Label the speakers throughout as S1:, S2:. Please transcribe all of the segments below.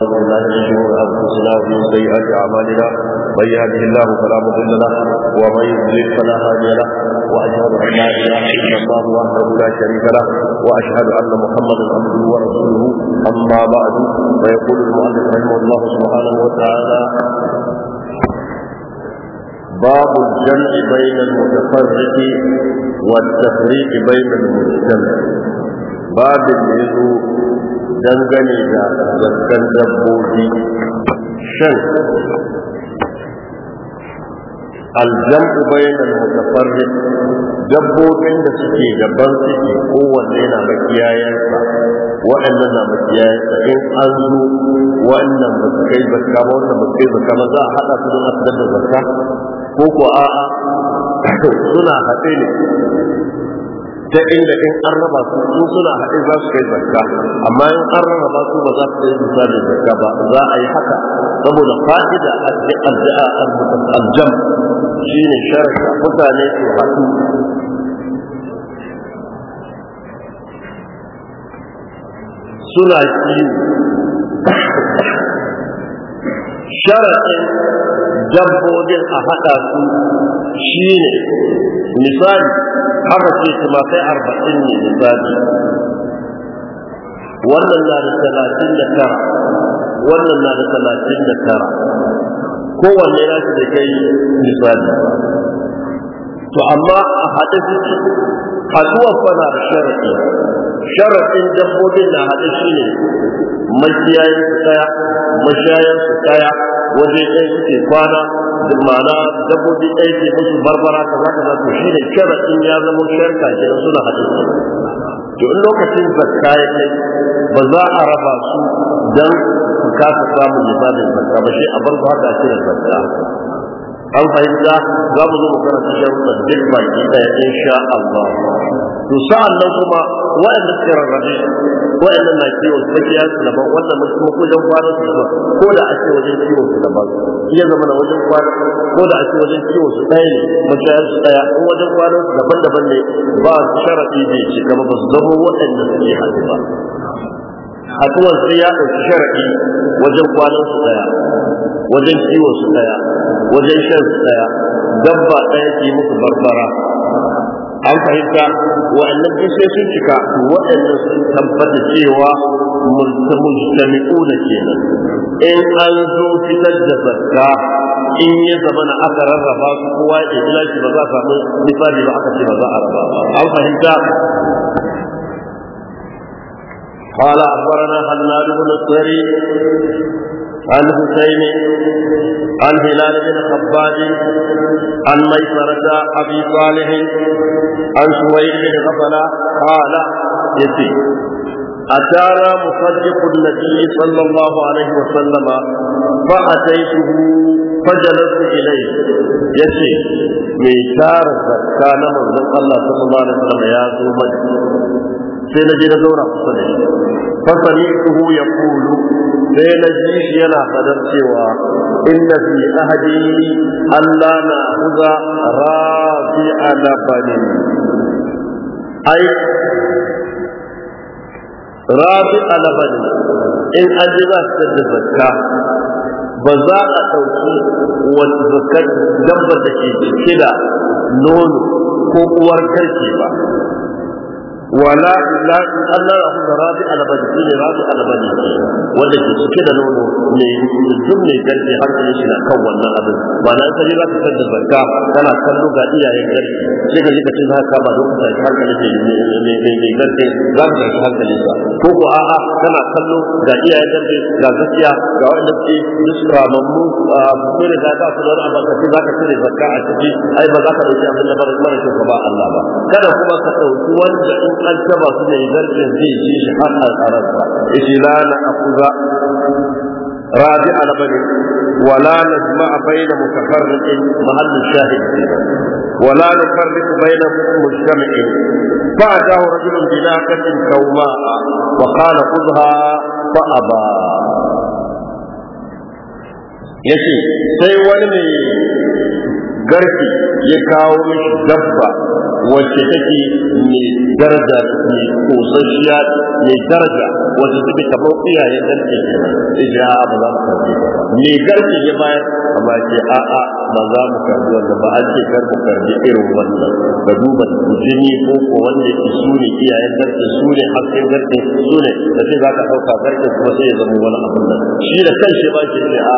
S1: بالله من شرور انفسنا ومن سيئات اعمالنا من يهده الله فلا مضل له ومن يضلل فلا هادي له واشهد ان لا اله الا الله وحده لا شريك له واشهد ان محمدا عبده ورسوله اما بعد فيقول المؤلف رحمه الله سبحانه وتعالى باب الجمع بين المتفرق والتفريق بين المجتمع باب يزور dangane da zakkan dabbobi shan aljam'u bainal mutafarriq dabbobin da suke daban suke kowanne na makiyayansa waɗannan na makiyayansa in an zo waɗannan ba su kai zakka ba wannan ba su kai zakka ba za a haɗa su don a fitar da zakka ko ko a'a suna haɗe ne ta inda in an raba su su suna haɗe za su kai zakka amma in an raba su ba za su kai bisa da zakka ba za a yi haka saboda fa'ida a cikin addu'a aljam shine sharaka mutane su haɗu suna kiwo sharaɗin dabbobin a haɗa su shi ne misali haka ce tumakai arba'in ne misali wannan na da talatin da tara wannan na da talatin da tara kowanne na shi da kai misali to amma a haɗe suke haɗuwa fana da sharaɗi sharaɗin dabbobin na haɗe shi ne makiyayen su kaya mashayan su kaya waje ɗaya suke kwana ma'ana dabbobi ɗaya ke musu barbara ka za to shi ne sharaɗin ya zama sharka ke suna haɗe to in lokacin zakka ya kai ba za a raba su don su kasa samun misalin zakka ba shi a bar su haka cire zakka an fahimta za mu zo mu karanta sharuɗan duk baki ɗaya insha Allah to sa'an nan kuma wa'anda suke rarrabe wa'anda na kiwon tsakiya su daban wannan mutum ko wajen kwana su daban ko da ake wajen kiwon su daban iya zama na wajen kwana ko da ake wajen kiwon su ɗaya ne mashayar su ɗaya ko wajen kwana su daban-daban ne ba su sharaɗi bai ci gaba ba su zama waɗanda suke haɗu ba a kuma sai ya ɗauki sharaɗi wajen kwanan su ɗaya wajen ciwo su daya wajen shan su daya dabba daya ke musu barbara an fahimta wa'annan duk sai sun cika wa'annan sun tabbata cewa mujtami'u na kenan in an zo fitar da zakka in ya zama na aka rarraba su kowa ya ɗauki lashi ba za a samu misali ba aka ce ba za a raba an fahimta قال أخبرنا حناد بن السري عن حسين عن هلال بن خباب عن ميسرة أبي صالح عن سويد بن غفلة قال يسي أتانا مصدق النبي صلى الله عليه وسلم فأتيته فجلست إليه يسي ميسار كان مرزق الله صلى الله عليه وسلم يا ذو مجد سيدنا جينا دورا فصنعته يقول sai na ji shi yana fadar cewa inna fi ahadi Allah na huza rafi'a labanin ai rabi alabani in an ji za su da zakka ba za a ɗauki wata zakkar dabba da ke cike da nono ko uwar karke ba wala illa Allah ya kuma rabi albadi ne rabi albadi wanda ke cike da nono ne duk ne garke har da shi na kan wannan abin ba nan sai za ka da barka kana kallo ga iyaye garke sai ka ji ka za ka ba duk sai har da shi ne ne ne ne garke za ka ga har da shi ko ko a'a kana kallo ga iyaye garke ga gaskiya ga wanda ke dusra mammu a fure da ka kula da barka sai za ka cire zakka a ciki ai ba za ka dauki abin da bar mara shi ba Allah ba kada kuma ka dauki wanda an taba su ne zargin zai yi shi har al'ararsa ishi la na akuza rabi alabari wala na jima'a bayna mutafarriqin mahallin shahid ولا نفرق بين مجتمع فأتاه رجل بناقة كوماء وقال ba. Ya ce sai wani mai garki ya kawo mishi dabba wacce take mai daraja mai kosasshiya mai daraja wacce take kamar iyayen garki ije a'a ba za mu karbi mai garki ya bayar amma ce a'a ba za mu karbi wannan ba an ce kar mu karbi irin wannan ga duba jini ko ko wanda yake su ne iyayen garki su ne hakkin garki su ne da sai za ka ɗauka garki kuma sai ya zama wani abin nan shi da kan shi ba shi ne a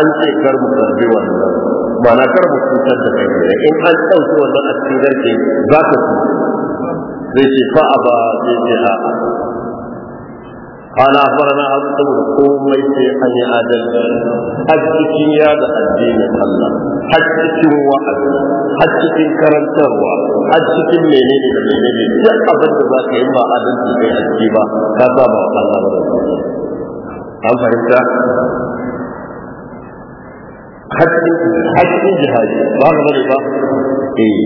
S1: an ce kar mu karbi wannan ma'ana kar mu cutar da kai in an ɗauki wannan asirar ke za ka su zai ce fa a ba zai ce a ana farana har saboda komai sai an yi adalci har cikin yada addinin Allah har cikin wa'azi har cikin karantarwa har cikin menene da menene duk abin da za ka yi ba adalci kai addini ba ka saba wa Allah ba da an fahimta hakkin jihadi ba ka bane ba eh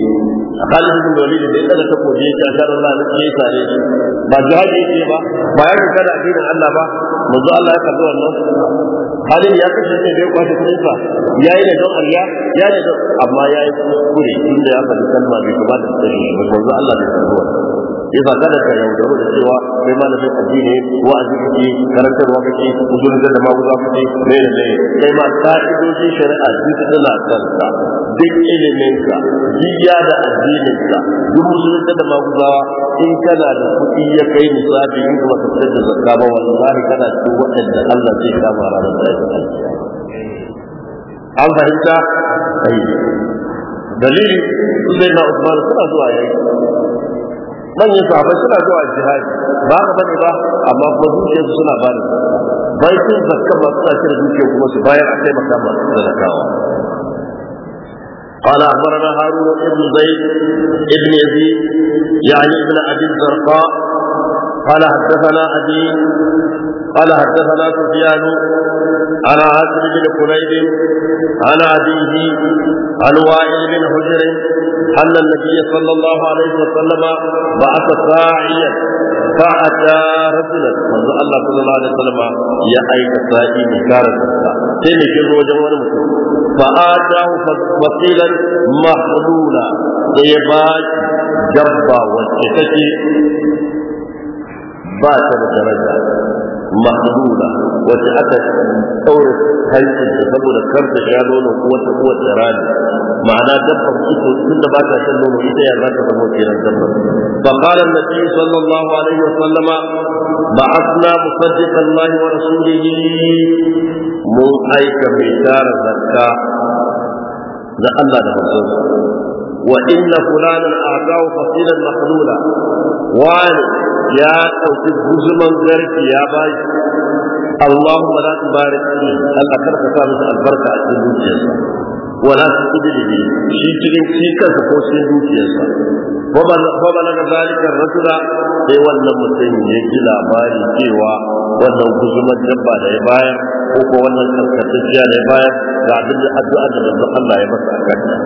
S1: Khalid bin Walid da kada ta koje ya tsara Allah da ke sare ba jihadi yake ba ba ya kada addinin Allah ba manzo Allah ya kalli wannan halin ya kasance bai kwace kudinsa ya yi da don Allah ya yi da amma ya yi kuskure inda ya faɗi kalma bai kuma da ta shi ba manzo Allah bai san ruwa ya sa kada ka yaudaru da cewa sai kai malamin addini wa aziki karantarwa kake usul da da maguza kake ne da ne kai ma ka'idoji shari'a duk suna kanka duk iliminka jiya da addininka duk musulun da maguzawa in kana da kuɗi ya kai misali in kuma ka fitar da zakka ba wallahi kana cikin waɗanda Allah zai kama ranar an fahimta ai dalili zai na usman suna zuwa yayi manyan sahabbai suna zuwa jihadi ba ka bane ba amma kuma zuciyar su suna bani bai sun zakka ba suna cire zuciya kuma su bayar a taimaka ba da zakawa قال أخبرنا هارون بن زيد بن يزيد يعني ابن أبي الزرقاء قال حدثنا أبي قال حدثنا سفيان عن عاصم بن قريب عن أبيه عن وائل بن حجر أن النبي صلى الله عليه وسلم بعث ساعيا فأتى رجلا manzo Allah sallallahu alaihi wasallam ya aika sa'i bishara ta sai ne kin wajen wani mutum
S2: fa atahu
S1: fasilan mahdula da ya ba dabba wacce ba ta da daraja mahdura wacce aka ɗaure hancin ta saboda kar ya nono ko wata ko wata rani ma'ana dabba ita tunda ba ta shan nono ita ya za ta zama kenan dabba fa qala an-nabi sallallahu alaihi wa sallama ba'athna musaddiqan Allah wa rasulihi mun aika mai tara zakka na Allah da manzon wa inna fulanan a'tahu fasilan mahdura wani ya ɗauki guzuman garfi ya ba shi Allahumma la tubarik fi Allah karka sa masa albarka a cikin dukiyarsa wala tudlihi shi cikin shi kansa ko cikin dukiyarsa fa balaga zalika rajula sai wannan mutum ya ji labari cewa wannan guzuman dabba da ya bayar ko ko wannan karkatacciya da ya bayar ga abin da addu'a da Allah ya masa a kanta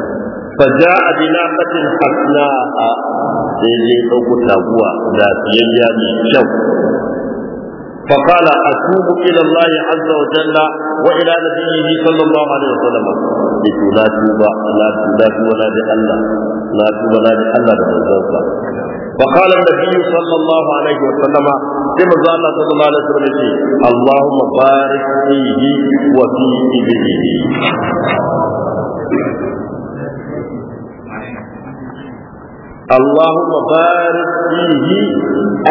S1: فجاء بناقة حسناء سيدي أوكو تابوة ذات يجاني شو فقال أتوب إلى الله عز وجل وإلى نبيه صلى الله عليه وسلم إتو لا توبة لا توبة ولا لألا لا توبة لا لألا بمزوفة
S2: فقال النبي
S1: صلى الله عليه وسلم كما قال الله صلى الله عليه وسلم اللهم بارك فيه وفي إبنه اللهم بارك فيه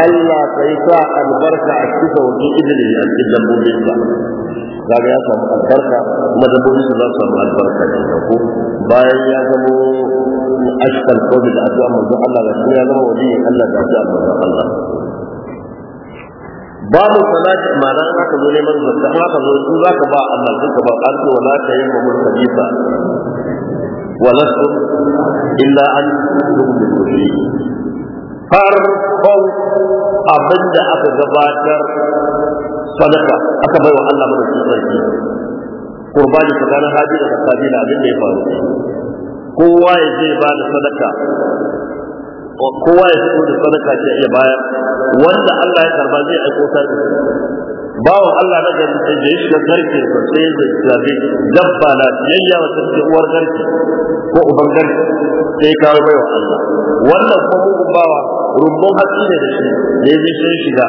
S1: ألا تيسع البركة أكتفى وفي إذن أكتفى لنبوبيسا kaga ya samu albarka kuma dabbobi su za su samu albarka ko bayan ya zamo ashkal kawai da addu'a manzon Allah ga shi ya zama wali Allah da addu'a manzon Allah babu salati ma'ana za ka zo neman zakka ba Allah sai ba ولست إلا an تؤمن به farkon abin da aka gabatar sadaka aka bai wa Allah mai sarki qurbani tsakanin haji da na abin da ya faru kowa ya je ba da sadaka kowa ya fito da sadaka ke iya bayar wanda Allah ya karba zai aiko sadaka bawan Allah na gari sai da ya shiga garke sa sai da zabe dabba na yayya wata ce uwar garke ko uban garke sai kawo baiwa Allah wannan ko mugun bawa rubun hatsi ne da shi da ya zai shiga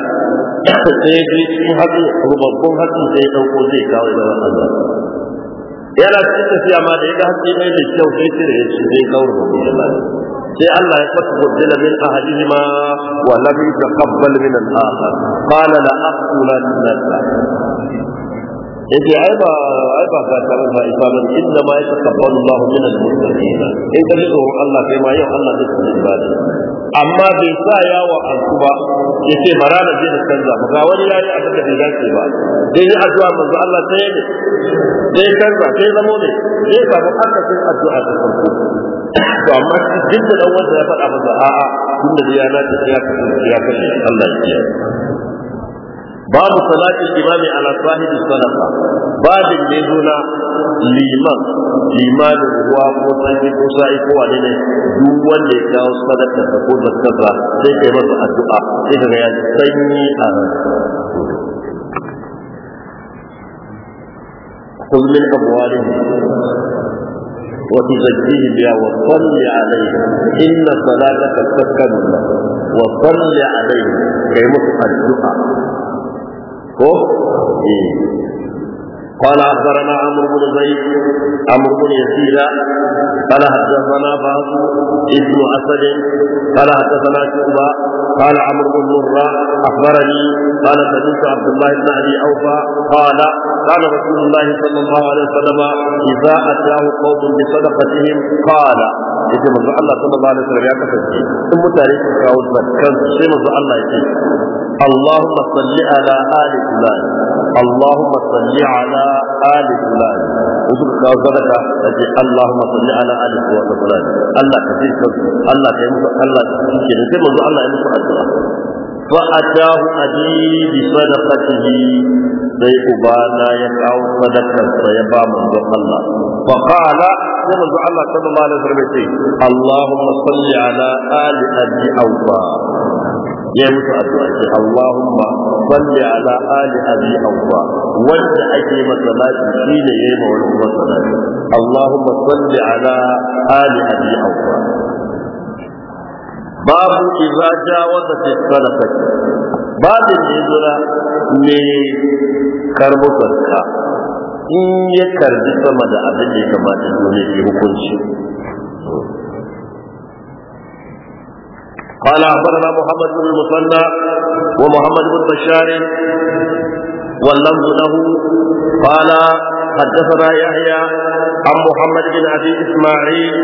S1: sai ya je cikin hatsi rubabbun hatsi sai ya dauko zai kawo baiwa Allah yana cikin tafiya ma da ya ga hatsi mai da kyau sai cire ya ce zai kawo rubabbun Allah sai Allah ya fata gudula min ahadihima wa ta yataqabbal min al-akhar qala la aqulan laka yace ai ba ai ba ka tarar ba isa ba inna ma yataqabbalu Allahu min al-muttaqin in ka ji Allah kai ma yau Allah zai tsare ibada amma bai sa yawa alku ba ya ce bara na je da canza ba ga wani yayi a da bai dace ba dai ne addu'a manzo Allah sai ne? Sai canza sai zamo ne sai samu aka sun addu'a ta farko to amma duk da dan wanda ya faɗa masa a'a tun da ya nace ya kasance ya kasance Allah ya kiyaye babu salatin imami ala sahibi sadaqa babin ne zuna liman limanin ruwa ko sanyi ko sa'i ko wane duk wanda ya kawo sadaka ta ko kai addu'a sanyi a خذ من أموالهم وتزكيه بها وصل عليه إن صلاتك سكن له وصل عليه كي الدعاء ko قال اخبرنا عمرو بن زيد عمرو بن يزيد قال حدثنا بعض ابن اسد قال حدثنا شعبه قال عمرو بن مره اخبرني قال سمعت عبد الله بن ابي اوفى قال قال رسول الله صلى الله عليه وسلم اذا اتاه قوم بصدقتهم قال yake manzo Allah sallallahu alaihi wasallam ya kasance in mutane su kawo zakkan sai manzo Allah yake اللهم صل على آل فلان اللهم صل على آل فلان وذكرك اللهم صل على آل فلان الله كثير الله كثير الله كثير الله كثير فأتاه أبي بصدقته sai ubana ya kawo sadakar sa ya ba manzo Allah fa qala ya manzo Allah sallallahu alaihi wasallam sai Allahumma salli ala ali abi awfa ya mutu addu'a ce Allahumma salli ala ali abi awfa wanda ake masa salati shi ne yayi ma wani kuma salati Allahumma salli ala ali abi awfa babu idza jawaza fi sadaqati babin da yazo na ne karbo sadaka in ya karbi sama da abin da ya kamata dole ya hukunci قال أخبرنا محمد بن المثنى ومحمد بن بشار واللفظ له قال حدثنا يحيى عن محمد بن ابي اسماعيل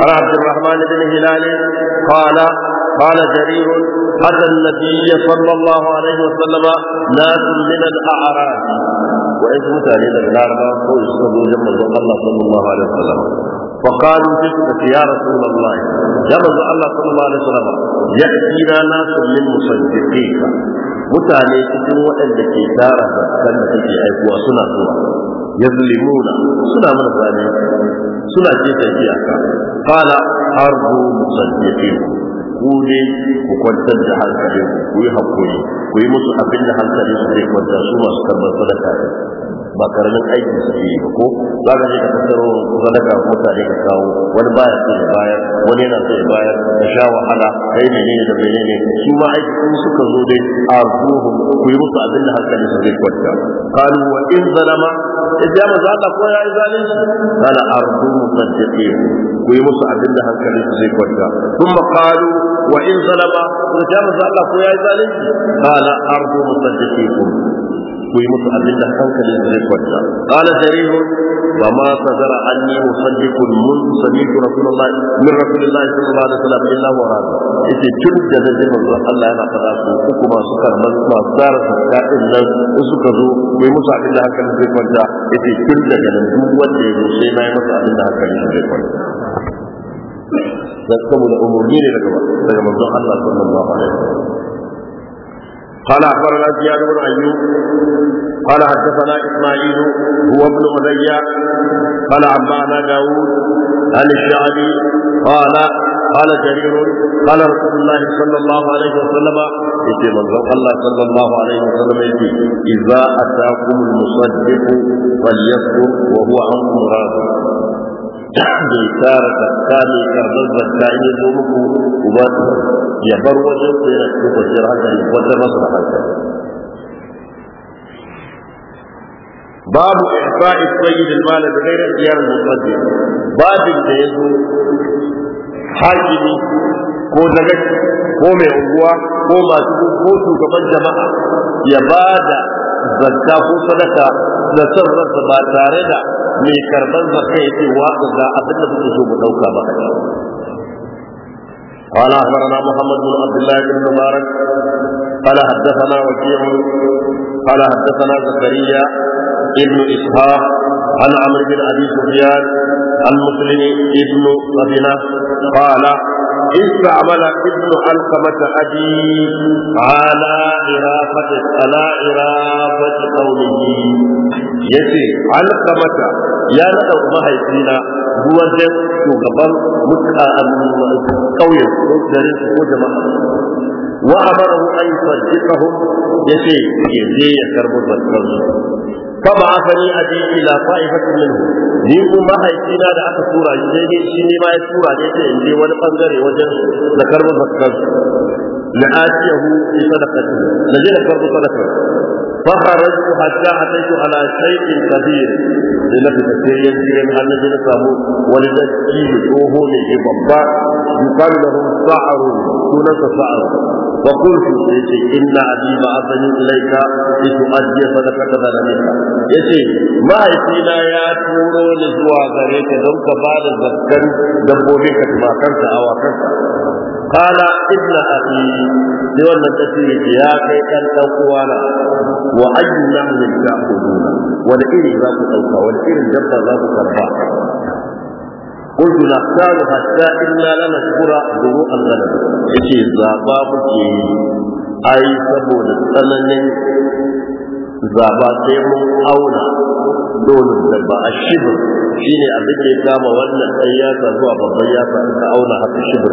S1: عن عبد الرحمن بن هلال قال قال جرير اتى النبي صلى الله عليه وسلم ناس من الاعراب وإذ متى لنا العرب قول الله صلى الله عليه وسلم فقالوا تلك يا رسول الله يا رسول الله صلى الله عليه وسلم يأتينا ناس من مصدقيك mutane cikin waɗanda ke tara zakkan da suke aikuwa suna zuwa yazlimuna suna mana zalunci suna ce ta iyaka qala ardu musaddiqin ku ne ku kwantar da hankali ku yi hakuri ku yi musu abin da hankali su zai kwanta su masu karɓar sadaka ne ba karamin aiki su yi ba ko za ka je ka tattaro sadaka mutane ka kawo wani baya so ya bayar wani yana so ya bayar ka sha wahala kai ne ne, da ne. su ma aiki suka zo dai a ruhun ku yi musu abin da hankali su zai kwanta qalu wa in zalama idan ma za ko yayi zalunci qala ardu musaddiqin ku yi musu abin da hankali su zai kwanta kuma qalu wa in zalama idan ma za ko yayi zalunci qala ardu musaddiqin ku yi musu abin da hankalin zai kwanta qala jarir wa ma sadara anni musaddiqun mun sami'tu rasulullah min rasulullah sallallahu alaihi wasallam illa wa rad yace tun da zai manzo Allah yana fada su uku masu karban masu tsara zakka din nan suka zo ku yi musu abin da hankalin zai kwanta yace tun daga nan duk wanda ya zo sai na yi masa abin da hankalin zai kwanta dan saboda umurni ne daga daga manzon Allah sallallahu alaihi wasallam قال اخبرنا زياد بن ايوب قال حدثنا اسماعيل هو ابن علي قال عمانا داوود عن الشعبي قال قال جرير قال رسول الله صلى الله عليه وسلم يجي من الله صلى الله عليه وسلم يجي اذا اتاكم المصدق فليصدق وهو عنكم راض bai tara الثاني karɓar zakka in ya ya bar wajen da yana cikin kwanciyar hankali wajen masu da hankali babu ihfa'i sayyidil da mala da gairar al-muqaddim babin da yazo hakimi ko daga ko mai unguwa ko masu ko shugaban jama'a ya ba da zakka ko sadaka da sarrafa ba tare da mai karban zakka ya ce wa ga abin da kuke so mu dauka ba قال اخبرنا محمد بن عبد الله بن مبارك قال حدثنا وكيع قال حدثنا زكريا ابن اسحاق عن عمرو بن ابي سفيان عن مسلم ابن مدينه قال استعمل ابن علقمة أبي على إرافة على إرافة قوله يسي علقمة يا رب mahaifina ruwan da shugaban muka kauyen ko garin ko jama'a wa amarahu an yusaddiqahum yace yaje ya karbo zakkan fa ba'athani abi ila fa'ifatin minhu ni kuma haifina da aka tura shi ne shi ne ma ya tura ne sai in wani bangare wajen da da je da فخرجت حتى أتيت على شيء كبير لنفي تسيرين في محل جلسه ولتسجيل وهو من يقال له سعر سنة سعر وقلت يتي إن أبي بعثني إليك لتؤدي صدقة ظلمك يتي ما يتينا يا تورو لزوا غريك دم كبار الزكن دبوريك ما كنت أو كنت قال ابن أبي لون تسير يا كيك الأقوانا وأي نحن تأخذون والإيري ذاك الأوكا والإيري ذاك الأوكا قلت نختار حتى إلا لنشكر ذروء الغنم يكي زابا بكي أي سبون للسنن زابا سيمو أولا دون الزبا الشبر شيني أبكي كاما وانا سياسة هو بابا ياسة أولا حتى الشبر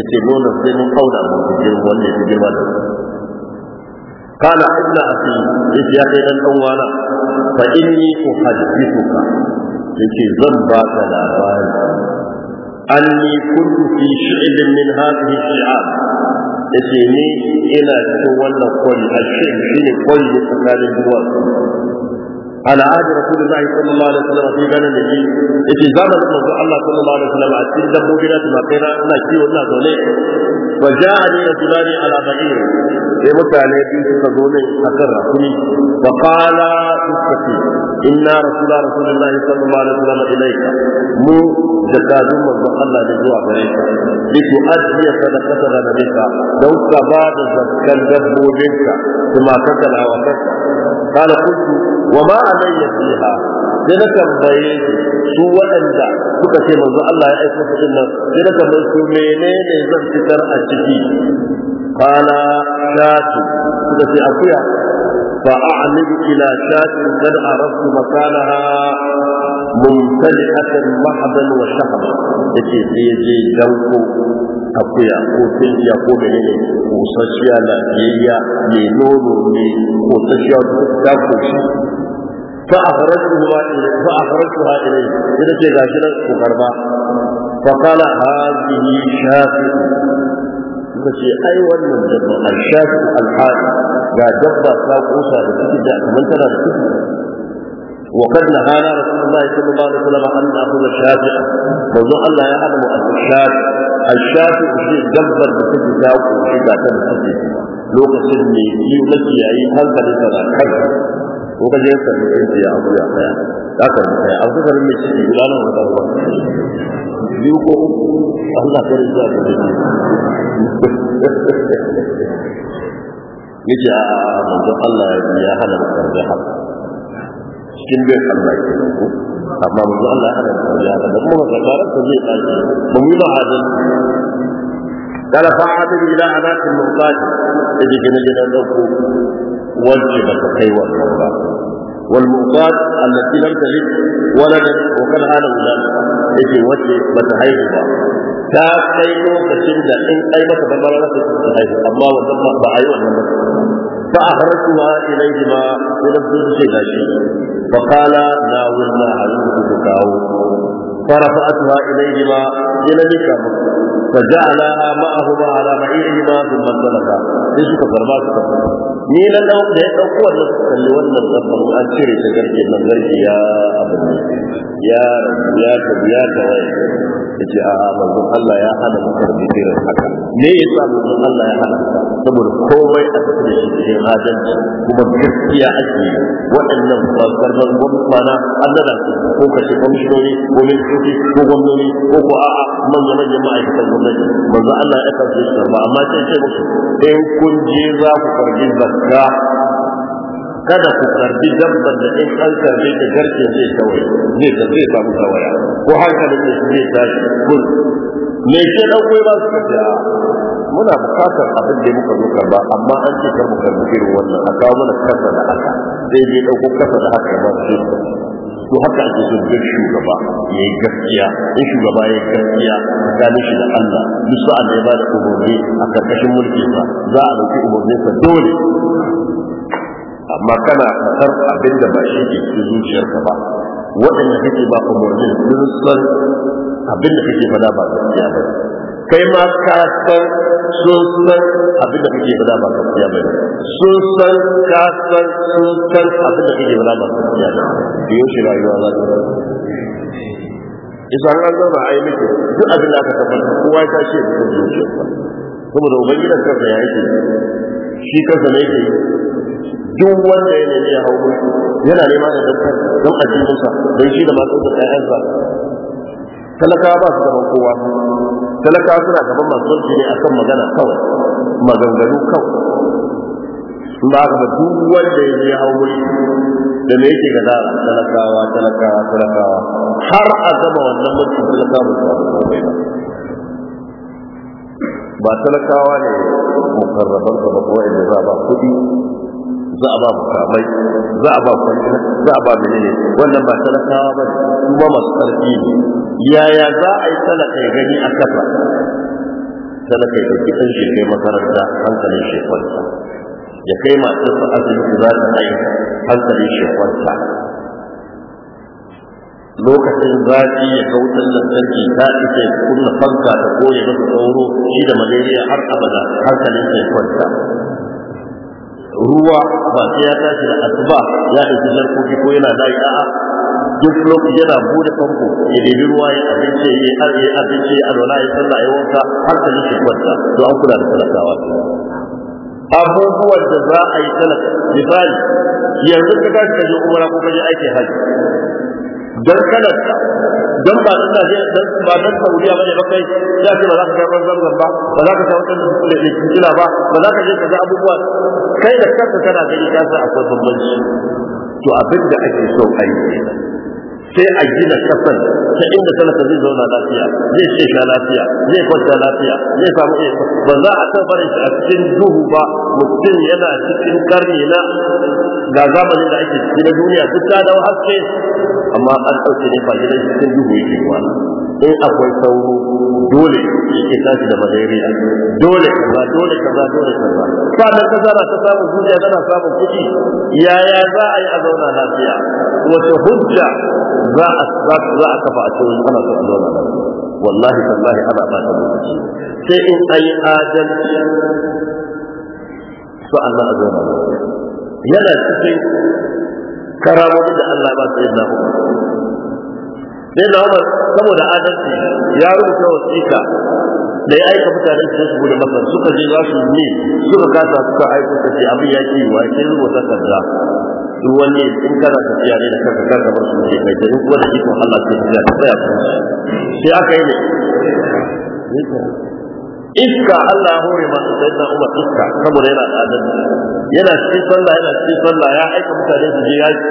S1: يكي دون الزبا أولا مكي واني جبال قال ابن أخي إذ يا أخي فإني أحدثك yake zan ba ka labari anni kuntu fi shi'bin min hadhihi shi'ab yace ni ina cikin wannan kwari a shi'b shine kwari da tsakanin duwatsu على عهد رسول الله صلى الله عليه وسلم في بين النبي يجي زمن رسول الله صلى الله عليه وسلم أتين دبو بنا تما قينا أنا كي ولا زوني وجاءني رجلان على بعير يمتعني في سكزوني أكر رسولي وقال تسكتي إن رسول رسول الله صلى الله عليه وسلم إليك مو جكاد من الله لجوا بريك لتؤدي صدقة غنمك لو كباد زكا دبو بنك ثم كتل عوكتك qala qultu wa ma alayya fiha sai na tambaye su waɗanda suka ce manzo Allah ya aika su dinnan sai na tambaye su menene zan fitar a ciki qala shatu suka ce akuya فأعمد إلى شاة قد عرفت مكانها ممتلئة محضا وشهرا يجي سيجي جنكو akuya ko tunkiya ko da yake kosasshiya lafiyayya mai nono ne kosasshiya ta koshi fa akhrajtuha ilayhi fa akhrajtuha ilayhi ce shafi suka ce ai wannan dabba alshafi alhali ga dabba ta kusa da ciki da kamar tana da ciki وقد نهانا رسول الله صلى الله عليه وسلم ان ناخذ الشافع موضوع الله يا ادم الشافع الشافع شيء جبر بسجد تاوك وشيء ذاك بسجد لوك سجد يولد يعي هل بلد هذا ko ka je ka yi jiya a a daya za ka yi daya abu karin mai ciki guda nan wata ruwa biyu ko uku Allah ka rinja ka ciki yake a manzon Allah ya halarta da haka cikin bin Allah ke nan ko amma manzon Allah ya halarta da haka da kuma zakarar ta zai tashi ba mu yi ba hadin قال فعاد إلى أناس المحتاج يجي جنة جنة wacce ba ta kai wannan ba والمؤقات التي لم تلد ولدا وكان هذا ولد yake wacce ba ta haihu ba ta kai lokacin da in ai mata bambara za ta haihu amma wannan ba ba ai wannan ba fa ahrasuha ilayhi ma idan sun gashi فرفعتها إليهما إلى نكام فجعلها معهما على بعيرهما ثم انطلقا sai suka farma suka farma ni na da ya ɗauko wannan kalli wannan tsabbar an cire ta garke nan ya ya ya tafi ya tawaye yace a a manzon Allah ya hana mu karbi irin haka me yasa manzon Allah ya hana saboda komai a cikin shi cikin adalci kuma gaskiya ake waɗannan farfarnan gwamnati Allah na ko kace gwamnati ko ministoci ko gwamnati ko ko a a manzon Allah jama'a ya san gwamnati manzon Allah ya kace shi ba amma sai ce musu in kun je za ku karbi zakka kada ku karbi dabbar da in an karbe ta garke zai kawai zai ta zai samu kawaya ko hankalin ne zai tashi kun me ke dan koyi ba su kace muna bukatar abin da muka zo karba amma an ce kar mu karbi irin wannan a kawo mana kasa da haka zai je dauko kasa da haka ba su to haka ake so duk shugaba ya yi gaskiya in shugaba ya yi gaskiya tsakanin shi da Allah duk sa'a da ya ba da umarni a karkashin mulkinsa za a dauki umarninsa dole amma kana kasar abin da ba shi ke cikin zuciyarka ba waɗanda kake ba umarni sun san abin da kake faɗa ba gaskiya ba kai ma ka san sun san abin da kake faɗa ba gaskiya ba sun san ka san sun san abin da kake faɗa ba gaskiya ba da yaushe rayuwa za ta isa an zama a yi miki duk abin da aka tabbata kowa ya tashi da zuciyarsa saboda ubangidan kansa ya yake shi kansa ne yake duk wanda ya nemi ya hau mulki yana nema da dabbar don addininsa don shi da masu ƴaƴansa talakawa ba su gaban kowa talakawa suna gaban masu mulki ne akan magana kawai maganganu kawai in ba haka ba duk wanda ya je hau mulki da me yake gaza talakawa talakawa talakawa har a gama wannan mulkin talakawa ba su komai ba ba talakawa ne mukarraban ka ba ko inda za ba kuɗi za a ba mu mukamai za a ba kwanci za a ba mu menene wannan ba talakawa ba su ba masu karfi yaya za a yi talaka ya gani a kafa talaka ya ɗauki ɗan shi kai makaranta hankalin shi ya kai matarsa asibiti za ta haihu hankalin shi lokacin zafi ya ga wutar lantarki ta ita kunna fanka ta kore masa sauro shi da malaria har abada hankalin sai ruwa ba sai ya tashi da asuba ya ɗauki zarkoki ko yana layi a'a duk lokaci yana bude famfo ya ɗebi ruwa ya abinci ya yi arye abinci ya alwala ya sallah ya wanka har ta ji kwanta to an kula da talakawa abubuwan da za a yi talaka misali yanzu ka tashi da jin umara ko ka je aikin hajji don kalarka don ba don da don ba don sauriya bane ba kai ya ka ba za ka kai ruwan zamzam ba ba za ka kai wata da ke kila ba ba za ka je ka ga abubuwa kai da kanka kana gani ka san akwai bambanci to abin da ake so a yi sai a gina kasan ta inda talaka zai zauna lafiya zai sheka lafiya zai kwanta lafiya zai samu iya ba za a tabbare shi a cikin duhu ba mutum yana cikin karni na ga zamanin da ake ciki na duniya duk ta dawo haske amma an ɗauke ne ba gidan cikin duhu yake kuwa in akwai sauro dole yake tashi da malaria dole kaza dole kaza dole kaza sannan ka zara ta samun duniya tana samun kuɗi yaya za a yi a zauna lafiya wace hujja za a za a kafa a cikin ana son a zauna wallahi tallahi ana ba ta lokaci sai in ayi adalci Allah a zauna lafiya yana cikin karamomin da Allah ba sai na Umar sai na Umar saboda adalci ya rubuta wasiƙa da ya aika mutanen su su gudu masar suka je za su ne suka kasa suka aiko ta ce abin ya ce wa ke rubuta kaza duk wani in kana tafiya ne da kanka kanka bar su ne kai dai kuma da ikon Allah sai ya tsaya sai aka yi ne iska Allah ya hore masa sai da Umar iska saboda yana da adalci yana cikin sallah yana cikin sallah ya aika mutane su je yaki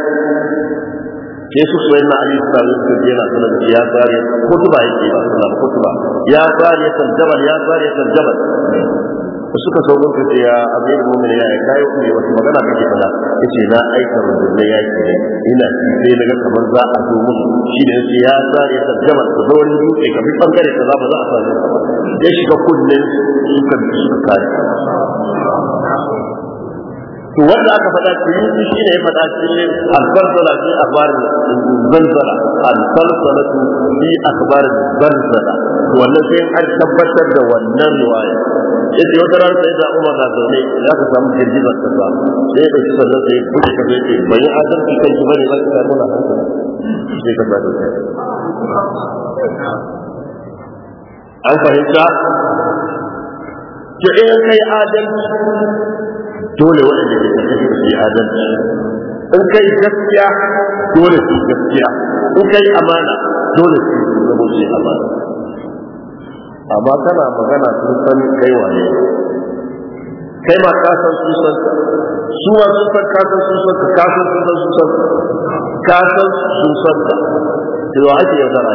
S1: sai su soyayya na Ali ta yi su yana sallar ya bare kutuba yake ba sallar kutuba ya bare san jabal ya bare san jabal suka sauko su ce ya abin mumin ya kayi ku ne wasu magana kake fada yace na aika rubutun yaki ne ina ci sai naga kamar za a zo mun shi da yace ya sa ya tarjama da saurin dutse kamar bangare kaza ba za a sa ya shiga kunnen suka suka kare to wanda aka faɗa cikin su shi ne ya faɗa cikin al-barzala fi akhbar al-barzala al-barzala fi akhbar al-barzala wannan sai an tabbatar da wannan riwaya yace wata ran sai da Umar na zaune ya ka samu girgizar ta sa sai da shi sannan sai buɗe ka sai bai azanci kai ki bane ba ka samu na sai ka bada an fahimta to in kai adalci dole waɗanda ke tafi su yi adalci in kai gaskiya dole su gaskiya in kai amana dole su zama su amana amma kana magana sun san kai wane kai ma ka san sun san su ma sun san ka san sun san ka san sun san sun san ka san sun san ka to ake yaudara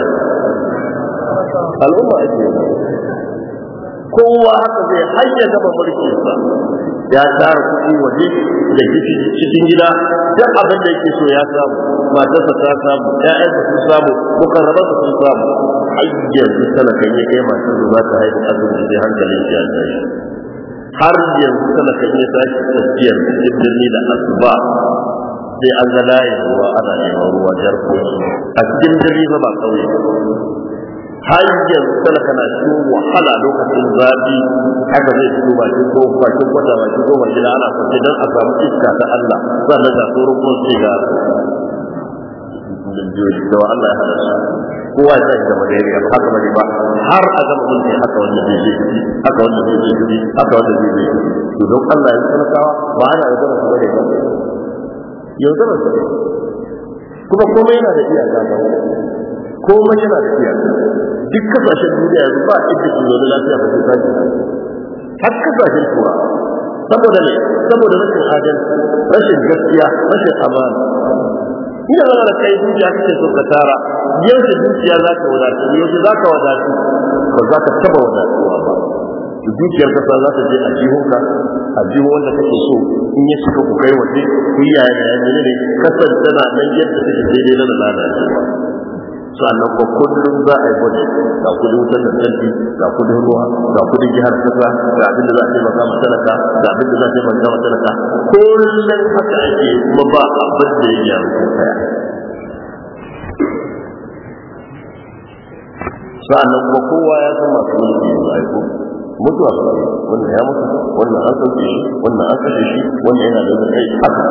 S1: al'umma ake yaudara kowa haka zai hanyar gaba mulkin sa ya tsara kuɗi waje da kici cikin gida duk abin da yake so ya samu matarsa ta samu ƴaƴansa sun samu mukarrabansa sun samu hanyar tana kan yi kai masu za ta haihu azumi zai hankalin shi ya tashi har yanzu talakan ya tashi tafiyar cikin da asuba sai an ga layin ruwa ana neman ruwa kuwa. a cikin dare ba ba kauye har yanzu talaka na cikin wahala lokacin zafi haka zai fito baki ko baki kwata baki ko baki da ana kwance don a samu iska ta Allah sannan ga tsoron kun ce ga da Allah ya halatta kowa ya tashi da malaria ba haka ba har a gama mun haka wanda zai je haka wanda zai je haka wanda zai je to don Allah ya talakawa ba ana yaudara su bane ba yaudara su kuma komai yana da iyaka ba komai yana da iyaka duk kasashen duniya yanzu ba inda ke zaune lafiya ba sai ta har kasashen tura saboda ne saboda rashin adalci rashin gaskiya rashin amana ina zama da kai dukiya kake so ka tara yau da dukiya za ka wadatu yanzu za ka wadatu ba za ka taba wadatuwa ba dukiyar kasa za ta je a jihunka a jihun wanda kake so in ya shiga ku kai waje ku yi yaya yaya ne kasar tana nan yadda take daidai na da lalacewa sannan ko kullum za a yi bude ga kudin wutar lantarki ga kudin ruwa ga kudin jihar kasa ga abin da za a taimaka maka masalaka, ga abin da za a taimaka maka masalaka, kullum haka ake kuma ba abin da ya gyaru ko daya sa'annan kuma kowa ya san masu mulki yanzu aiko mutuwa su ne wannan ya mutu wannan an sauke shi wannan an kashe shi wannan yana da zai haka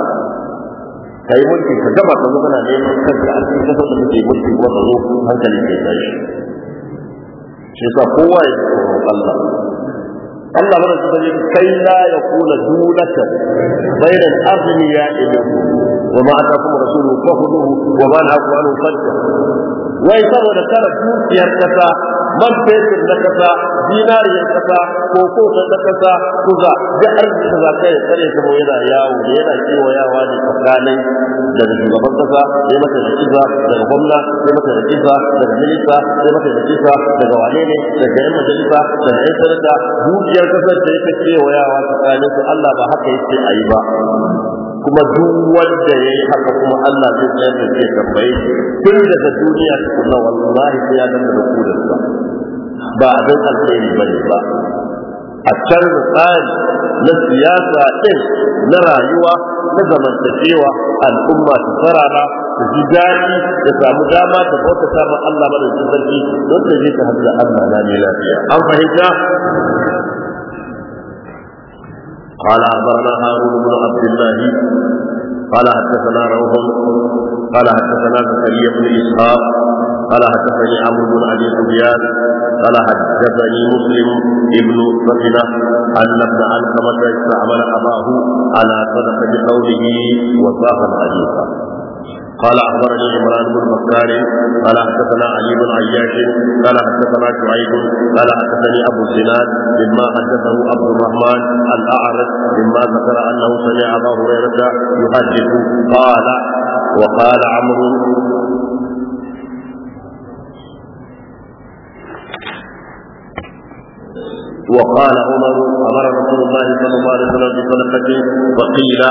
S1: ka yi mulki ka gama ka zo kana neman kanka a cikin kasar da kake mulki kuma ka zo hankali ke tashi shi yasa kowa ya ji ko Allah Allah mana su sani kai la ya kula dunaka bayan azmiya idan wa ma atakum rasuluhu fa khuduhu wa ma nahakum anhu fadda wai saboda tara dukiyar kasa man fetur na kasa dinariyar kasa koko na kasa kuza da arziki za zaka ya tsare kuma yana yawo ne yana kewayawa ne tsakanin daga shugaban kasa sai mata da kisa daga gwamna sai mata da kisa daga minista sai mata da kisa daga wane ne daga yan majalisa daga yan sanata dukiyar kasar da yake kewayawa tsakanin su Allah ba haka yake yi ba kuma duk wanda ya yi haka kuma Allah zai tsaya da zai tambaye tun daga duniya ta kuma wallahi sai ya danda da kudansa ba abin alheri ba ne ba a can tsari na siyasa ɗin na rayuwa na zamantakewa al'umma ta farara, ta ji daɗi ya samu dama ta bauta samun Allah mara sarki don ta je ta hajji Allah na ne lafiya an fahimta قال أخبرنا هارون بن عبد الله قال حدثنا روح قال حدثنا زكريا بن إسحاق قال حدثني عمرو بن أبي سفيان قال حدثني مسلم ابن سفينة أن ابن علقمة استعمل أباه على صدقة قوله وساق حديثا قال اخبرني عمران بن بكار قال حدثنا علي بن عياش قال حدثنا شعيب قال حدثني ابو الزناد مما حدثه عبد الرحمن الأعرج مما ذكر أنه سمع أبا هريرة يحدث قال وقال عمرو وقال عمر امر رسول الله صلى الله عليه وسلم بصدقه فقيل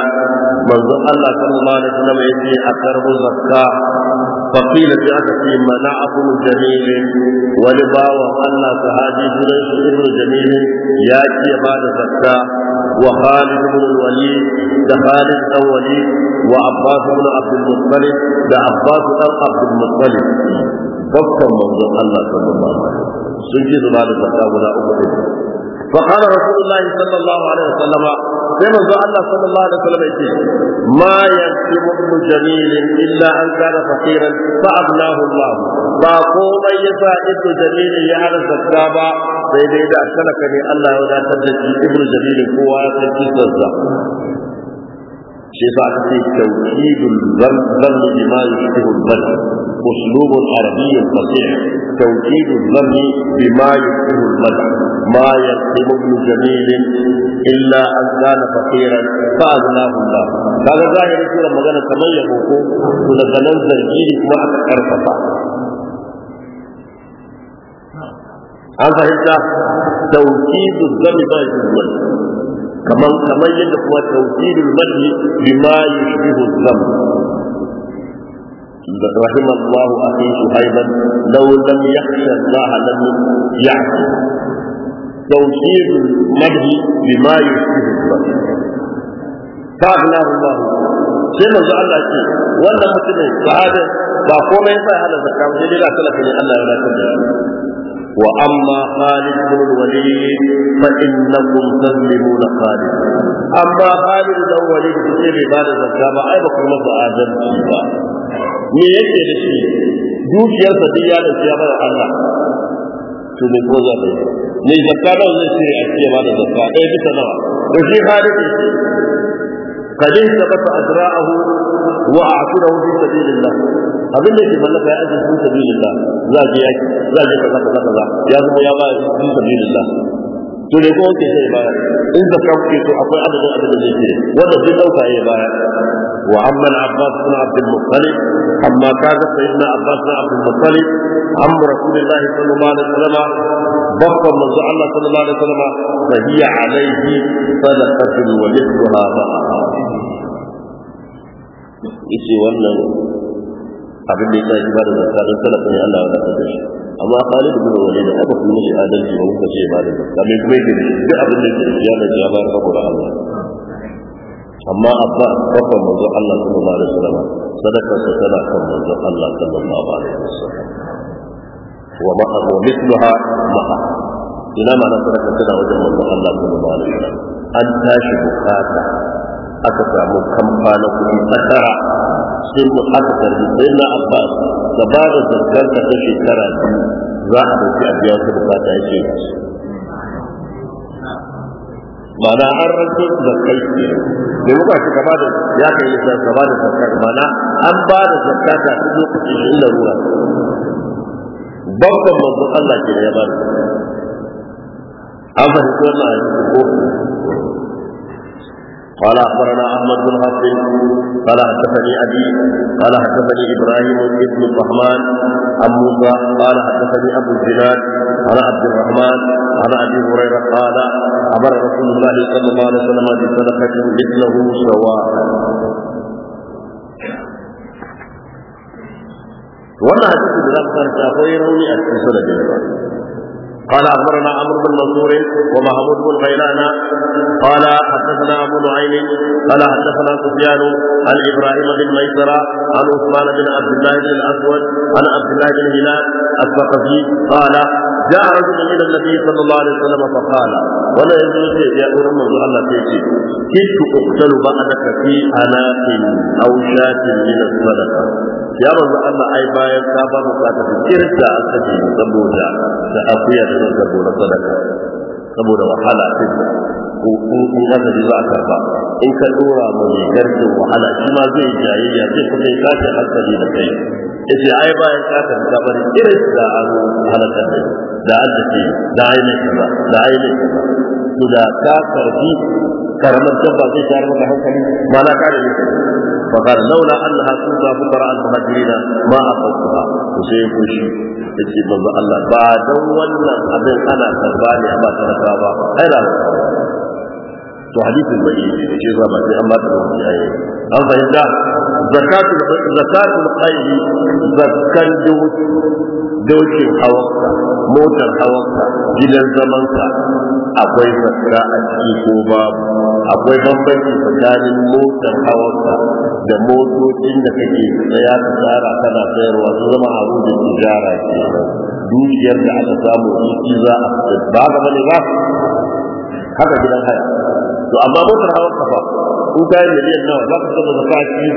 S1: من الله صلى الله عليه وسلم يجي اقرب زكاه فقيل في اكثر منعه جميل ولباوى الله فهذه ابن جميل ياتي بعد زكاه وخالد بن الوليد كخالد بن وليد وعباس بن عبد المطلب كعباس بن عبد المطلب babban manzon Allah sallallahu alaihi wasallam sun ji zuba da zakka guda uku ne fa qala rasulullahi sallallahu alaihi wasallam sai manzon Allah sallallahu alaihi wasallam yace ma yaktumu ibnu jamil illa an kana faqiran fa abnahu Allah ba komai yasa ibnu jamil ya hada zakka ba sai dai da talaka ne Allah ya wadatar da shi ibnu jamil kowa ya san kisarsa شيء بعد توكيد الظن ظن بما يشبه الظن اسلوب عربي فصيح توكيد الظن بما يشبه الظن ما يكتب ابن جميل الا ان كان فقيرا فاغناه الله هذا ظاهر يقول لما قال تميه وقوم ونتنزل فيه ما اتذكر فقط هذا هيك توكيد الظن بما يشبه الظن كمان كمان يدفع توكيل المدح بما يشبه الذنب رحم الله اخي شهيبا لو لم يخشى الله لم يعفو توكيل المدح بما يشبه الذنب فأغنى الله sai manzo Allah ce wannan mutumin sahabi ba komai sai hada zakka sai dai ga talaka ne Allah ya da وأما خالد بن الوليد فإنكم تظلمون خالد أما خالد بن الوليد فسير بعد زكاة ما أيضا مصر آدم me yake da shi dukiyarsa duk ya dace ya bada Allah to me ko zai ne zakka da zai ce a ba da zakka nawa shi halin قد انتقص أذراعه وأعصره في سبيل الله abin da ke mallaka ya ajiye fi sabilillah za je yaki za je kaza kaza kaza ya zama ya ba fi sabilillah to ne ko ke sai baya in zakka ke to akwai adadin adadin da wanda zai dauka ya baya واما العباس بن عبد المطلب اما كان سيدنا عباس بن عبد المطلب عم رسول الله صلى الله عليه وسلم بقى من الله صلى الله عليه وسلم فهي عليه صدقه ومثلها معها yace wannan abin da yake ba da zakka don talaka ne Allah ya wadata shi amma Khalid bin Walid da ba kuma shi adalci ba kuma ce ba da zakka da amma abba babban manzo Allah sallallahu alaihi wasallam sadakar sa tana kan manzo Allah sallallahu alaihi wasallam wa ma'a wa mithluha ma'a ina ma na sadaka tana wajen manzo Allah sallallahu alaihi wasallam an tashi bukata aka samu kamfanin kuɗi tsakara sai mu aka tarbi sai na abbas da ba da zargar ta shekara biyu za a ɗauki a biya su bukata yake ma'ana an ranto su zakai bai ba shi kama da ya kai yi sa kama da zakar ma'ana an ba da zakka ta fi lokacin shi ruwa. babban manzon Allah ke ya ba da an fahimci wannan hadisi ko قال اخبرنا احمد بن حفص قال حدثني ابي قال حدثني ابراهيم بن الرحمن عن موسى قال حدثني ابو الزناد عن عبد الرحمن عن ابي هريره قال امر رسول الله صلى الله عليه وسلم بصدقه مثله سواء wannan hadisi da za mu karanta akwai rauni a cikin قال اخبرنا عمرو بن منصور ومحمود بن غيلان قال حدثنا ابو نعيم قال حدثنا سفيان عن ابراهيم بن ميسره عن عثمان بن عبد الله بن الاسود عن عبد الله بن هلال الثقفي قال جاء رجل الى النبي صلى الله عليه وسلم فقال ولا يزول شيء يا ام الله تيجي كيف اقتل بعدك في اناق او شاة من الصدقه يا رب الله اي باين كابا مقاتل كيرتا السجن سبوجا تأفيا irin sabo sadaka saboda wahala din ko in aka ji za a karba in ka dora mu ne garkin wahala shi ma zai jayayya sai kuma yi kace hankali da kai yace ai bayan ka karba bari irin da an halaka da da an dace da ai ne kaza da ai ne kaza to da ka karbi karamar dabba zai tayar maka hankali ma na kare ne fa qala laula annaha kunta fuqara al-muhajirin ma aqadtuha to sai ya shi. yace manzo Allah ba dan wannan abin ana karba ne ba sadaka ba ai da to hadithin bai yi ne ce ba ba sai an ba ta wani ayi an fahimta zakatul zakatul qayyi zakkan doki dokin hawanka motar hawanka gidan zaman ka, akwai zakka a ciki ko babu akwai bambanci tsakanin motar hawanka da motocin da kake tsaya ka tsara kana sayarwa su zama haru da tijara ke dukiyar da aka samu ciki za a fitar ba ga bane ba haka gidan haya to amma motar hawan fa, in ka yi miliyan nawa za ka san saba zakati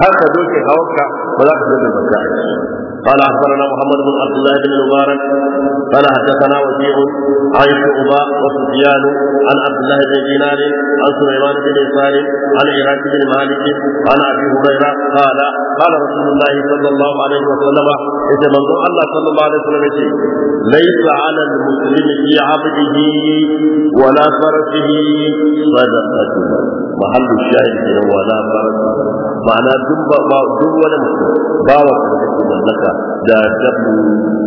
S1: har ka doke hawanka ba za ka saba zakati قال اخبرنا محمد بن عبد الله بن المبارك قال حدثنا وكيع عن شعبة وسفيان عن عبد الله بن دينار عن سليمان بن يسار عن عراك بن مالك عن ابي هريره قال قال رسول الله صلى الله عليه وسلم اذا منظور الله صلى الله عليه وسلم ليس على المسلم في عبده ولا فرسه صدقه محل الشاهد ولا فرسه ma'ana duk ba duk wani mutum ba wa kan da mallaka da dabbu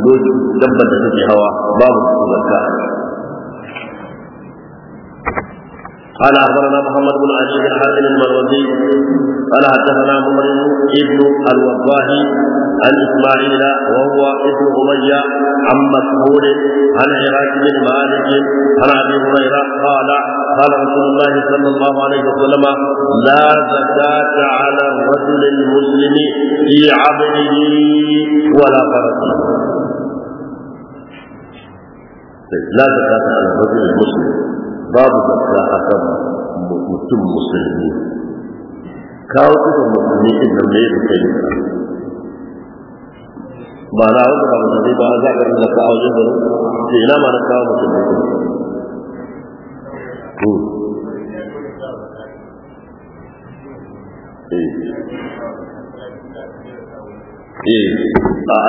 S1: doki dabban da take hawa babu zakka قال اخبرنا محمد بن عاشر الحاكم المروزي قال حدثنا محمد ابن الوضاح عن اسماعيل وهو ابن اميه عن مسعود عن عراك بن مالك عن ابي هريره قال قال رسول الله صلى الله عليه وسلم لا زكاة على الرجل المسلم في عبده ولا فرسه لا زكاة على الرجل المسلم babu zakka a kan mutum musulmi kawo kuka musulmi din nan ne da kai ba na wanda ba musulmi ba za ka rinka kawo jin da ke eh, ina ma na kawo musulmi din hmm. eh. eh a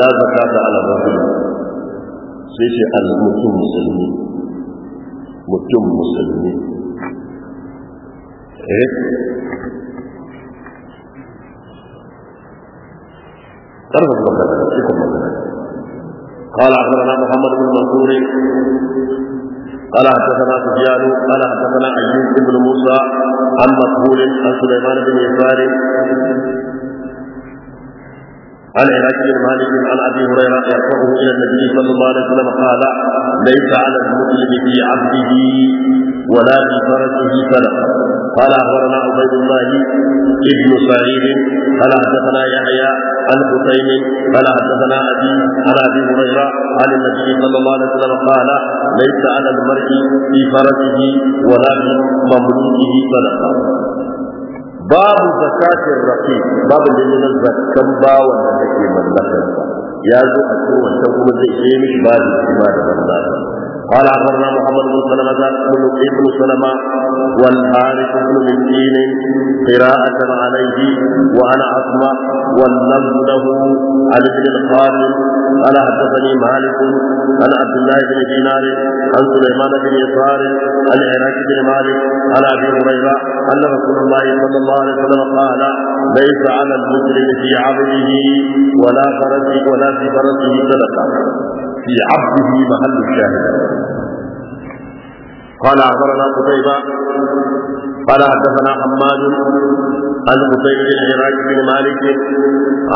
S1: la zakata ala batil sai ce al mutum musulmi mutum musulmi إيه؟ قال أخبرنا محمد بن منصور قال حدثنا سفيان قال حدثنا أيوب بن موسى عن مقبول عن سليمان بن يسار قال علاج بن مالك عن ابي هريره يرفعه الى النبي صلى الله عليه وسلم قال ليس على المسلم في عبده ولا في فرسه سلف قال اخبرنا عبيد الله ابن سعيد قال حدثنا يحيى عن حسين قال حدثنا ابي عن ابي هريره عن النبي صلى الله عليه وسلم قال ليس على المرء في فرسه ولا في مملوكه صدقه babu zakatin rafi babu dalilin zakkan bawan da take mallakar ya zo a cikin wancan kuma zai yi mishi babu shi ma da mallakar قال اخبرنا محمد بن سلمة بن ابن سلمة والحارث بن مسكين قراءة عليه وانا اسمع واللفظ له عن ابن القاسم قال حدثني مالك عن عبد الله بن دينار عن سليمان بن يسار عن عراك بن مالك عن ابي هريره ان رسول الله صلى الله عليه وسلم قال ليس على المسلم في عبده ولا فرسه ولا في فرسه صدقه في عبده محل الشاهد قال اخبرنا قتيبة قال حدثنا حماد عن قتيبة بن عراج بن مالك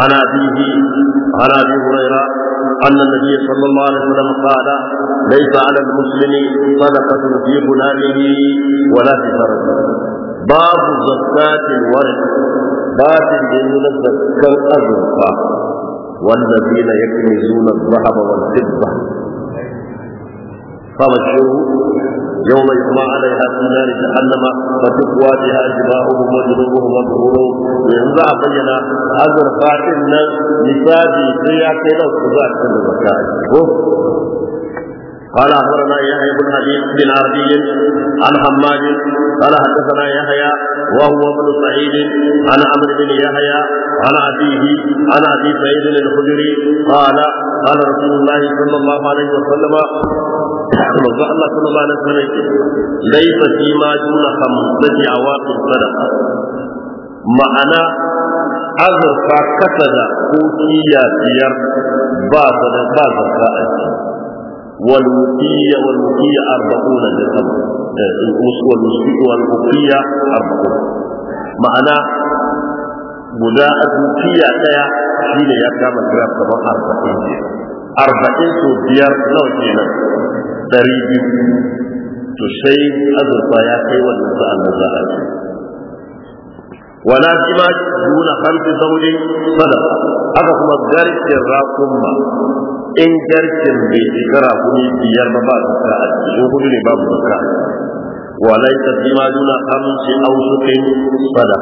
S1: عن أبيه عن أبي هريرة أن النبي صلى الله عليه وسلم قال ليس على المسلم صدقة في غلامه ولا في فرجه باب زكاة الورد باب يقول زكاة الأزرق والذين يكنزون الذهب والفضة فبشروا يوم يحمى عليها في نار جهنم فتقوى بها جباههم وجنوبهم وظهورهم من ذا بينا أجر فاتن نسابي فيها كيلو سبعة من قال اخبرنا يحيى بن حبيب بن عربي عن حماد قال حدثنا يحيى وهو ابن سعيد عن عمرو بن يحيى عن ابيه عن ابي سعيد الخدري قال قال رسول الله صلى الله عليه وسلم رضى الله صلى الله عليه وسلم ليس فيما دون خمسه عواقب الصدقه معنا اغفر كسد قوتي يا سير بعد بعد والوقية والوقية أربعون درهم والوقية آه، والوقية أربعون معنى بداء الوقية تيا حين يقام الجراب كما أربعين أربعين سوديار لو جينا تريد تشيد أذر طياقي والنساء المزارات wala kima duna hamsi zaune sadaka haka kuma garkin rakunma in garkin bai shiga rakuni biyar ba ba zakka a cikin hudu ne babu zakka وليس فيما دون خمس أوسق صدقة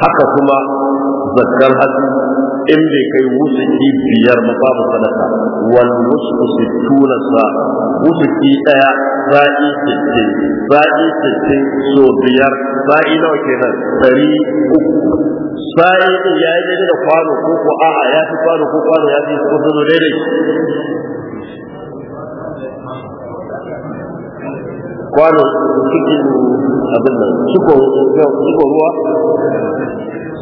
S1: حتى كما ذكر in bai kai wusuki biyar ba babu sadaka wal wusuku sittuna sa wusuki daya za'i za'i sittin so biyar za'i nawa kenan dari uku sa'i din ya yi da kwano ko ko a'a ya fi kwano ko kwano ya fi ko zo daidai kwano cikin abin nan ruwa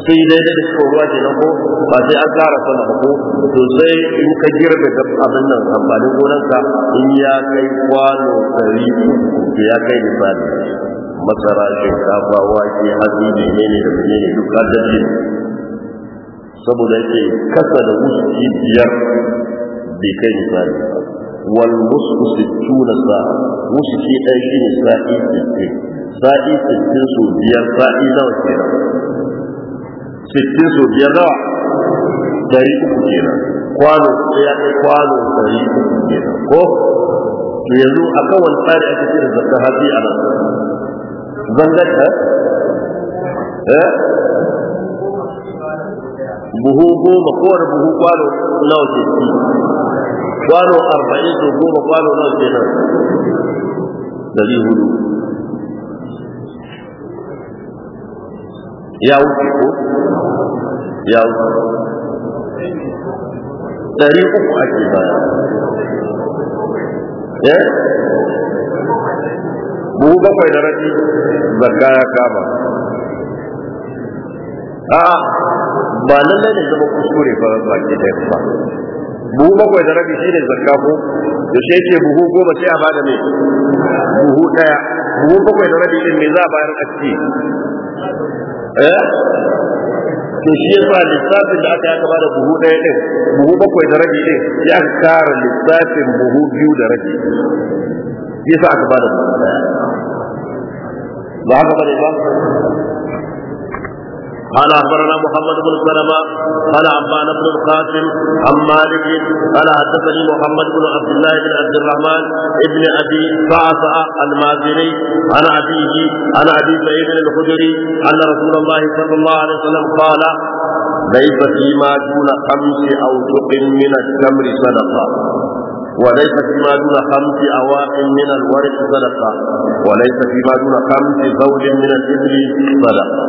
S1: Sai dai da cikin ruwa nan ko ba sai an kara sama ko to sai in ka girbe abin nan amfanin gonarka in ya kai kwano ɗari to ya kai misali masara shinkafa wake hatsi ne ne da ne ne duk adadi saboda yake kasa da musu biyar bai kai misali wal musku sa, musu shi ɗaya ne sa'i sittin sa'i sittin su biyar sa'i nawa kenan sittin so biyar nawa dari uku kenan kwano ya kai kwano dari uku kenan ko to yanzu a kawai tsari ake cire zakka hafi a nan zangar ka eh? eh buhu goma kowane buhu kwano nawa ke ci kwano arba'in so goma kwano nawa ke nan dari hudu ya wuce ko ya wuce dari uku ake ba ya eh? buhu bakwai da rabi zakka ya kama a ba lallai ne zama kuskure ba ba ke da ba buhu bakwai da rabi ne zakka ko da shi yake buhu goma sai a bada mai buhu daya buhu bakwai da rabi din me za a bayar a ciki eh to shi yasa lissafin da aka yaka bada buhu ɗaya ɗin buhu bakwai da rabi ɗin ya kara lissafin buhu biyu da rabi yasa aka bada buhu ɗaya ba haka bane ba قال اخبرنا محمد بن سلمة قال عبان بن القاسم عن مالك قال حدثني محمد بن عبد الله بن عبد الرحمن ابن ابي صعصع المازني عن ابيه عن ابي سعيد الخدري ان رسول الله صلى الله عليه وسلم قال ليس فيما دون خمس اوسق من التمر صدقه وليس فيما دون خمس أواق من الورق صدقة وليس فيما دون خمس زوج من الإبل صدقة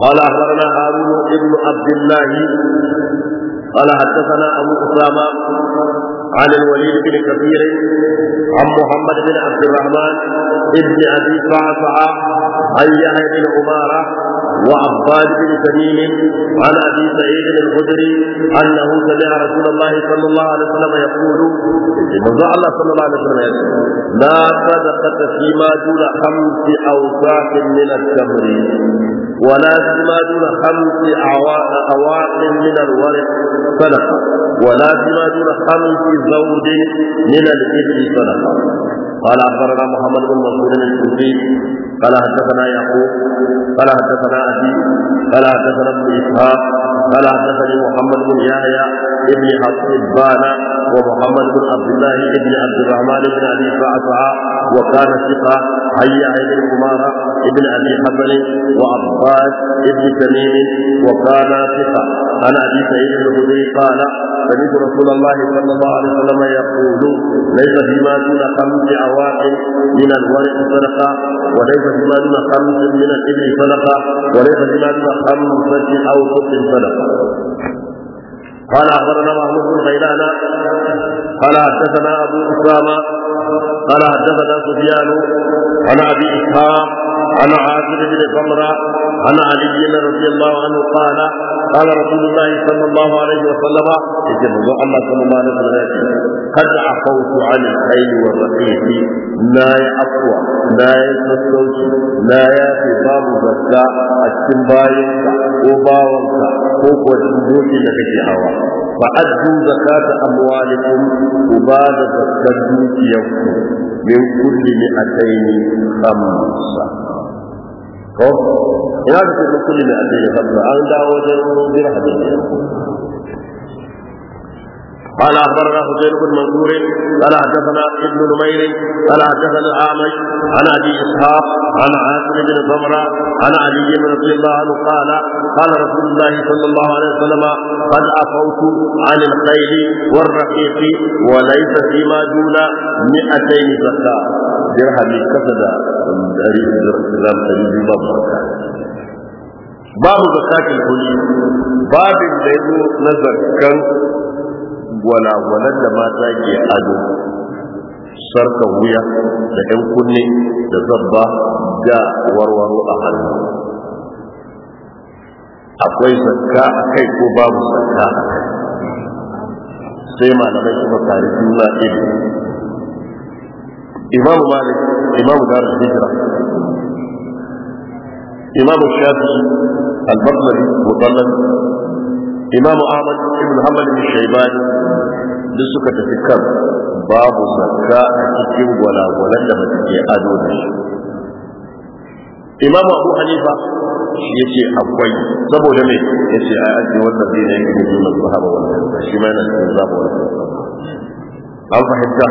S1: قال أخبرنا هارون بن عبد الله قال حدثنا أبو أسامة عن الوليد بن كثير عن محمد بن عبد الرحمن بن ابي صعصع عن يحيى بن عماره وعباد بن سليم عن ابي سعيد الخدري انه سمع رسول الله صلى الله عليه وسلم يقول الله صلى الله عليه وسلم يقول لا صدقة فيما دون خمس اوساق من التمر ولا فيما دون خمس اواق من الورق صدقة ولا فيما دون خمس زوج من الابل صدقة قال أخبرنا محمد بن مسعود الكوفي قال حدثنا يعقوب قال حدثنا أبي قال حدثنا ابن إسحاق قال حدثني محمد بن يحيى ابن حبان ومحمد بن عبد الله بن عبد الرحمن بن أبي فعفع وكان ثقة حي يحيى بن عمارة بن أبي حسن وعباس بن تميم وكان ثقة عن أبي سعيد بن قال سمعت رسول الله صلى الله عليه وسلم يقول ليس فيما دون خمس عواق من الورق صدقة وليس فيما دون خمس من الإبل صدقة وليس فيما دون خمسة أو ست صدقة قال أخبرنا محمود بن غيلان قال حدثنا أبو أسامة قال حدثنا سفيان عن ابي اسحاق عن عاصم بن سمره عن علي رضي الله عنه قال قال رسول الله صلى الله عليه وسلم يجب الله صلى الله عليه وسلم قد عفوت عن الخيل والرقيق لا يعفو لا يتسوش لا يأتي باب زكاة التنبايك وباوك فوق وجنبوك لكي هوا فأدوا زكاة أموالكم وبعد زكاة يومكم min kulli mi'atayn khamsa ko ina da kulli mi'atayn khamsa da dirhamin قال اخبرنا حسين بن منصور قال حدثنا ابن نمير قال حدثنا الاعمش عن ابي اسحاق عن عاصم بن ضمره عن علي رضي الله عنه قال قال رسول الله صلى الله عليه وسلم قد عفوت عن الخيل والرقيق وليس فيما دون 200 زكاه درهم كسد درهم تجيب babu zakatul kulli babin da yazo na zakkan walawalar da mata ke ado sarka wuya da ɗan kunne da zabba da warwaro a hannu akwai sarka a kai ko babu zakka sai malamai kuma tare juna ilimi imam malik imam dar hijra imam shafi al-baghdadi imam ahmad ibn hanbal bin shaybani duk suka tafi kan babu zakka a cikin gwalagwalan da mace ke ado da shi imam abu ya ce akwai saboda me ya ce a yaji wannan zai na yi da masu haɓa wannan shi ma yana cikin an fahimta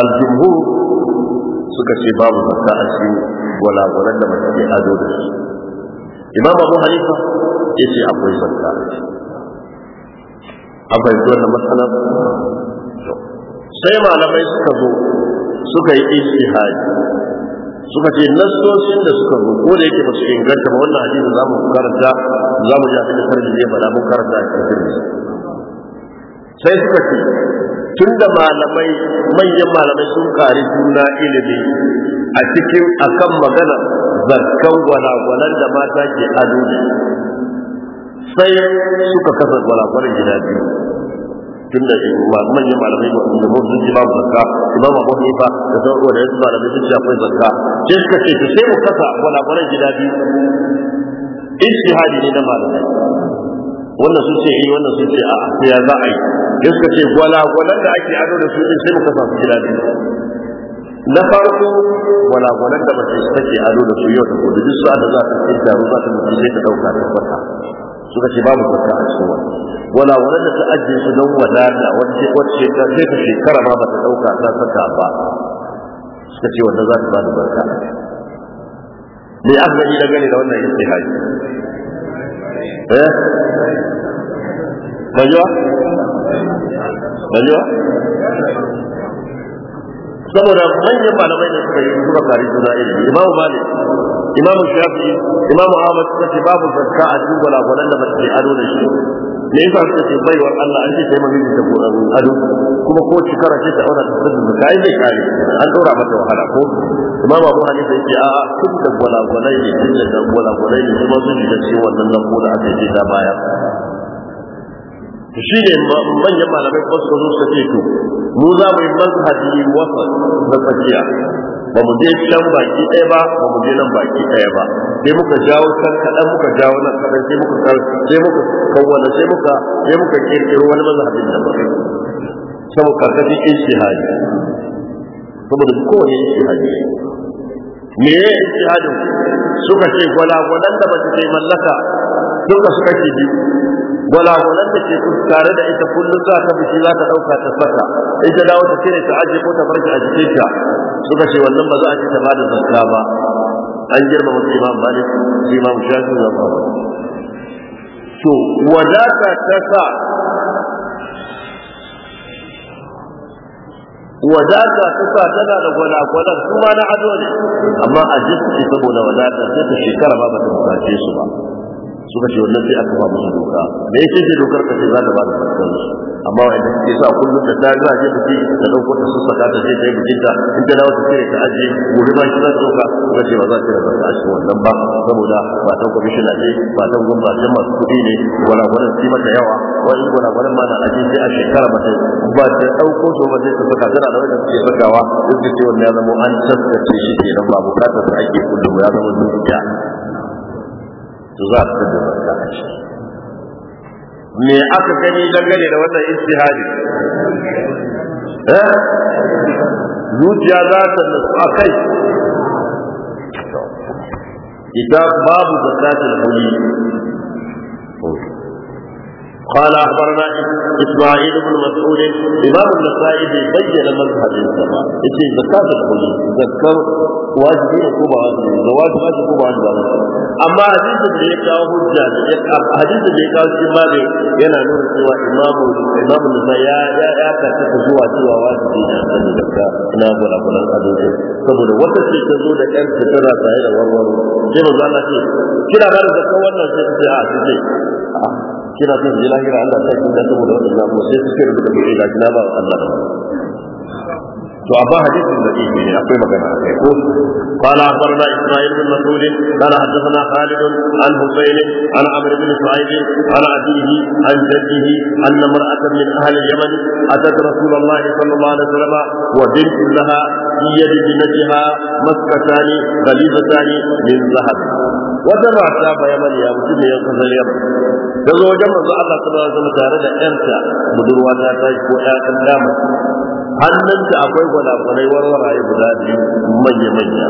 S1: aljuhu suka ce babu zakka a cikin gwalagwalan da mace imam abu hanifa ya ce akwai zakka an fahimci wannan matsalar sai malamai suka zo suka yi ijtihadi suka ce nassosin da suka zo ko da yake ba su inganta ba wannan hadisi za mu karanta za mu ji abin da sarki ba faɗa mu karanta a cikin sai suka ce tun da malamai manyan malamai sun kari juna ilimi a cikin akan magana zarkan gwalagwalar da mata ke ado sai suka kasa gwalagwalar gida biyu tun da shi manyan malamai ba su zama sun ji babu ba, imam abu hanifa da sauran da yasu malamai sun ce akwai zakka sai suka ce sai mu kasa gwalagwalar gida biyu In shi ijtihadi ne na malamai wannan sun ce eh wannan sun ce a to ya za a yi da ce gwala gwalan da ake ado da su din sai muka samu gida biyu na farko gwala gwalan da mace take ado da su yau da gobe duk sa'a da za ta fi taro za ta mutum sai ta dauka ta kwata suka ce babu kwata a cikin wannan gwala gwalan da ta ajiye su don wadata wacce wacce ta sai ta shekara ma ba ta dauka ta saka ba suka ce wanda za ta ba da barka ne aka gani dangane da wannan istihadi eh bajuwa saboda manyan malamai da suka yi suka kari juna ilimi imamu malik imamu shafi imamu ahmad suka ce babu zakka a cikin gwalagwalan da ba mace ado da shi me yasa suka ce baiwar Allah an ce sai mun yi tabu ado kuma ko shekara ce ta aura ta sabbin da kai bai kare an dora mata wahala ko ba imam Abu sai ce a a tun da wala wala ne tun da wala wala ne kuma sun yi ce wannan nan ko da aka ce ta baya shi ne manyan malamai ko suka zo suka ce to mu za mu yi mazhabi wasa da tsakiya ba mu je can baki ɗaya ba ba mu je nan baki ɗaya ba sai muka jawo can kaɗan muka jawo nan kaɗan sai muka sai muka kawwana sai muka sai muka kirkiro wani mazhabin da ba saboda karkashin ijtihadi saboda kowane ijtihadi me ya ijtihadin suka ce gwalagwalan da ba su mallaka duka su kashi biyu gwalagwalan da ke tare da ita kullum za ta fushi za ta ɗauka ta saka ita dawo ta cire ta ajiye ko ta farki a jikinta suka ce wannan ba za a ci ta ba da zakka ba an girma wasu imam malik imam shafi na ba to wadata ta sa wadata ta sa tana da gwalagwalan su ma na ado ne amma a jiski saboda wadata sai ta shekara ba ba ta bukace su ba suka ce wannan sai aka ba musu doka da yake ce dokar ka ce za ta ba da fasar amma wanda ke sa kullum da ta ga je take ta dauko ta su saka ta je ta yi bikinta in ta dawo ta ce ta aje gobe ba shi za ta dauka suka ce ba za ta rasa a cikin wannan ba saboda ba ta kwamishina ce ba ta gwamnatin masu kuɗi ne gwanagwanan su mata yawa wani gwanagwanan ma na aje sai a shekara ba ta ba ta dauko su ba sai ta saka tana da wanda suke sakawa duk da cewa ya zama an tsaftace shi kenan ba bukatar da ake kullum ya zama dukiya to za su da zakka a ciki me aka gani dangane da wannan istihadi eh zuciya za ta nutsu a kai idan babu zakatul huli قال اخبرنا اسماعيل بن مسعود امام النسائي بين مذهب السماء اتي زكاه الخلود ذكر واجب يقوم واجب واجب يقوم واجب اما حديث da ya kawo hujja حديث da ya kawo cikin babu yana nuna cewa imamu imamu nasai ya ya ya ta zuwa cewa wajibi ne a cikin zakka ina gura kullun azumi saboda wata ce ta zo da kan fitara da warwaro sai manzo Allah ce kira da kira sun je lahira Allah ta yi da saboda wannan zamu sai suke ce rubuta bai da kina ba Allah to amma hadisin da yake ne akwai magana kai ko qala akhbarna isma'il bin mas'ud qala hadathana khalid an husayn an amr bin su'aib an abihi an jaddihi anna mar'atan min ahli yaman atat rasulullah sallallahu alaihi wasallam wa bint laha fi binatiha maskatani ghalibatani min zahab wata mata ba yaman ya mutum ya kasar yaman da zo wajen manzo Allah sallallahu alaihi wasallam tare da yanta budurwa ta tashi ko ya kan hannunta akwai wala kwanai warwara ya guda biyu manya-manya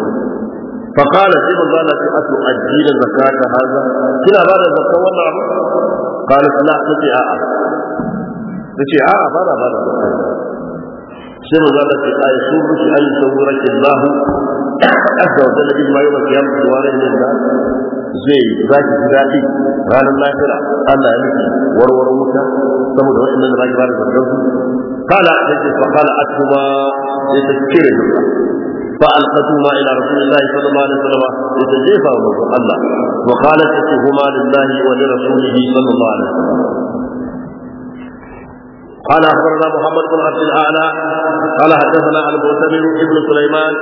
S1: fa kala sai manzo Allah sai asu ajira zakata haza kina da zakka wannan abu kala sala sai a'a sai a'a ba da ba da sai manzo Allah sai ayi su bi shi ayi sabura Allah azza wa jalla ijma'i wa qiyam wa rajul zai zaki ki ji daɗi ranar lafiya Allah ya miki warware wuta saboda waɗannan da za ki ba da zargar su kala da ke fakala a tuba ya ta cire duka فألقته ما إلى رسول الله صلى الله عليه وسلم يتجيفه الله وقالت هما لله ولرسوله صلى الله عليه وسلم قال اخبرنا محمد بن عبد الاعلى قال حدثنا المعتمر ابن سليمان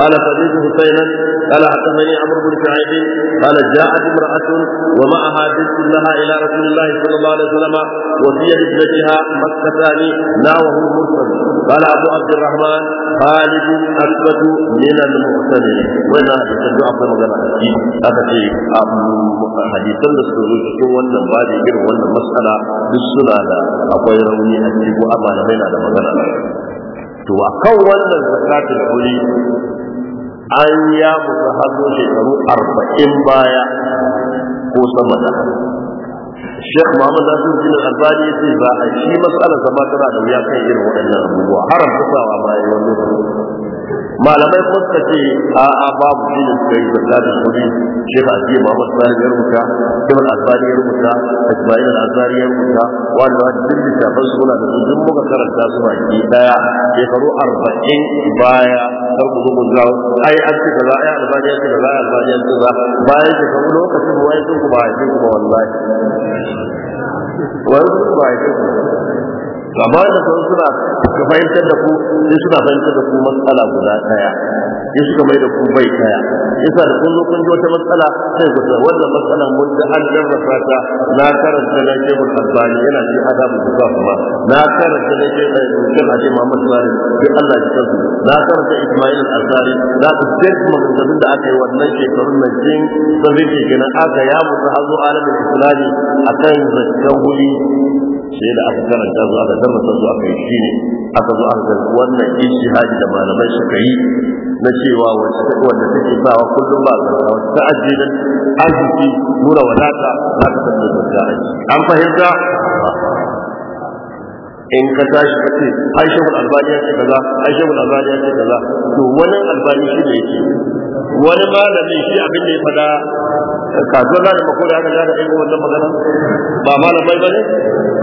S1: قال سمعت حسينا قال حدثني عمرو بن شعيب قال جاءت امراه ومعها بنت لها الى رسول الله صلى الله عليه وسلم وفي ابنتها مكتان ناوه المرسل قال ابو عبد الرحمن خالد اثبت من المعتمر وين تدعو عبد الرحمن هذا في حديثا لسرور wannan babi irin wannan mas'ala duk suna da akwai rauni a lokaci ko a malamai na da magana to a kan wannan zakatul kuli an ya musu hazo shekaru arba'in baya ko sama da Sheikh Muhammad Nasir bin Albani ya ce ba a shi matsalar zama tana da wuya kan irin waɗannan abubuwa haram kusawa ma yayin wannan malamai kuma suka ce a a babu shi da yi zakka da shi muhammad sani ya rubuta ibn azari ya rubuta azari ya rubuta wani wani duk littafan suna da su duk muka karanta su baki daya shekaru arba'in baya kar ku zo zuwa ai an ce kaza ai albani ya ce kaza ai albani ya ce kaza bayan shekaru lokacin wai ku ba a ku ba wallahi sun ba a ku amma da sun suna ka fahimtar da ku sai suna fahimtar da ku matsala guda daya sai suka mai da ku bai kaya yasa da kun zo kun ji wata matsala sai ku sa wannan matsalan mun da an jarrafa ta na karanta na ke mun albani yana ji adabu da kuma na karanta na ke mai mutum hadi Muhammad Salim bi Allah ya tsare na karanta Ismail al-Azhari na ku sai maganganun da aka yi wannan shekarun nan jin sun ke gina aka ya mutu hazo alamin islami akan zakkan wuri sai da aka karanta zuwa aka tabbata zuwa kai shine aka zo an aka wannan ijtihadi da malamai suka yi na cewa wacce wanda take sawa kullum ba ta ta ajiyar arziki nuna wadata za ka sanya da ta an fahimta in ka tashi ka ce ai shehu albani ya ce kaza ai shehu albani ya ce kaza to wani albani shi ne yake wani malami shi abin da ya fada kasuwar da mako da haka zaka ɗaya wannan magana ba malamai bane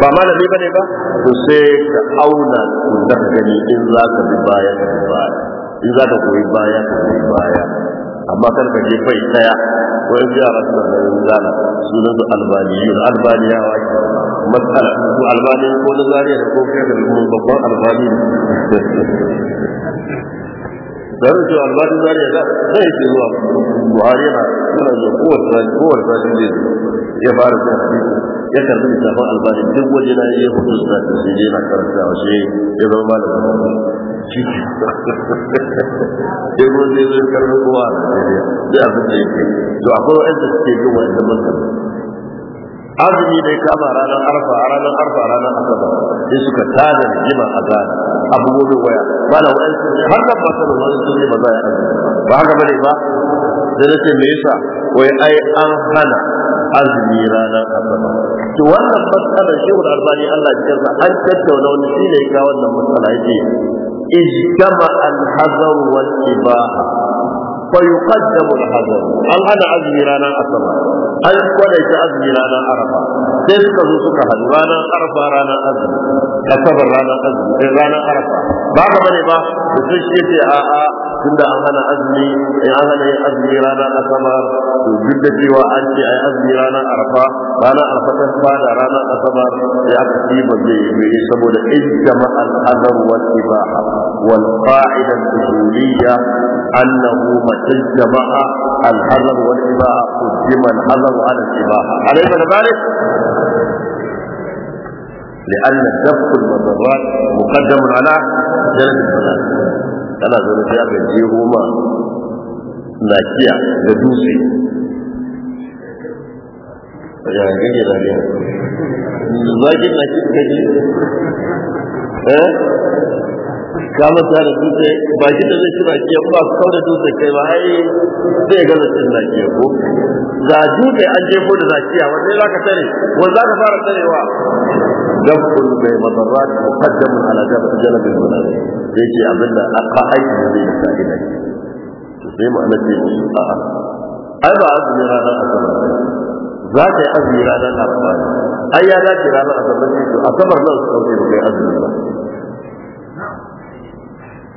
S1: ba malami bane ba to sai ka auna to zaka gani in ka bi bayan da baya in za ka koyi baya ka koyi baya amma kar ka je fai Ko in yara suna da yin zana sunan su albaniyu da albaniyawa ke matsala ko albani ko na zariya da ko kai da kuma babban albani zai ce albani zariya da zai ce zuwa buhari na suna zuwa kowace zari kowace zari zai ya fara zuwa hadisi ya karbi littafin albani duk waje na ya hudu sa ta sai na karanta wa shi ya zama malamin ciki sai ruwan zai zai karfi kowa a Najeriya sai abin da yake to akwai wa'anda suke yin wa'anda mazhabi azumi dai kama ranar arfa ranar arfa ranar asaba sai suka tada jima a gana abubuwan waya ba da wa'ansu har da ba ta da wani sun yi ba za a yi ba haka bane ba Sai na ce me yasa wai ai an hana azumi ranar asaba to wannan matsalar shehu albani Allah ya karba an tattauna wani shi ne ga wannan matsala yake اجتمع الحذر والإباحة فيقدم الحذر هل أنا أزمي رانا أصلا هل وليس أزمي رانا أرفا تلك سوسك هل رانا أرفا رانا أزمي أصبر رانا أزمي رانا أرفا بعد من إباحة بسيشتي آآ tunda an hana azumi an hana yin azumi ranar asabar to duk da cewa an ce ai azumi ranar arfa ranar arfa ta fada ranar asabar sai aka ci ba zai yi saboda ijtama al-azar wal ibaha wal qa'ida al-usuliyya annahu matajjama'a al-hazar wal ibaha qaddima al-hazar ala al-ibaha alaysa kadhalik لأن دفع المضرات مقدم على درجة المناسب ana zaune sai aka je goma na kiya da dutse ya gage da ne zaki na kiya kaje eh ka masa da dutse ba shi da zai ci baki ba su da dutse kai ba ai zai ga zacin baki ya ko za dutse an je ko da zakiya wanda za ka tare wanda za ka fara tarewa dabul bai madarrat muqaddamun ala jabal jalab al munad yake abinda aka aiki zai sa ina to sai mu annabi a a ai ba azumi ranar asabar za ta yi azumi ranar asabar ai ya dace ranar asabar to asabar nan su kauce ba kai azumi ba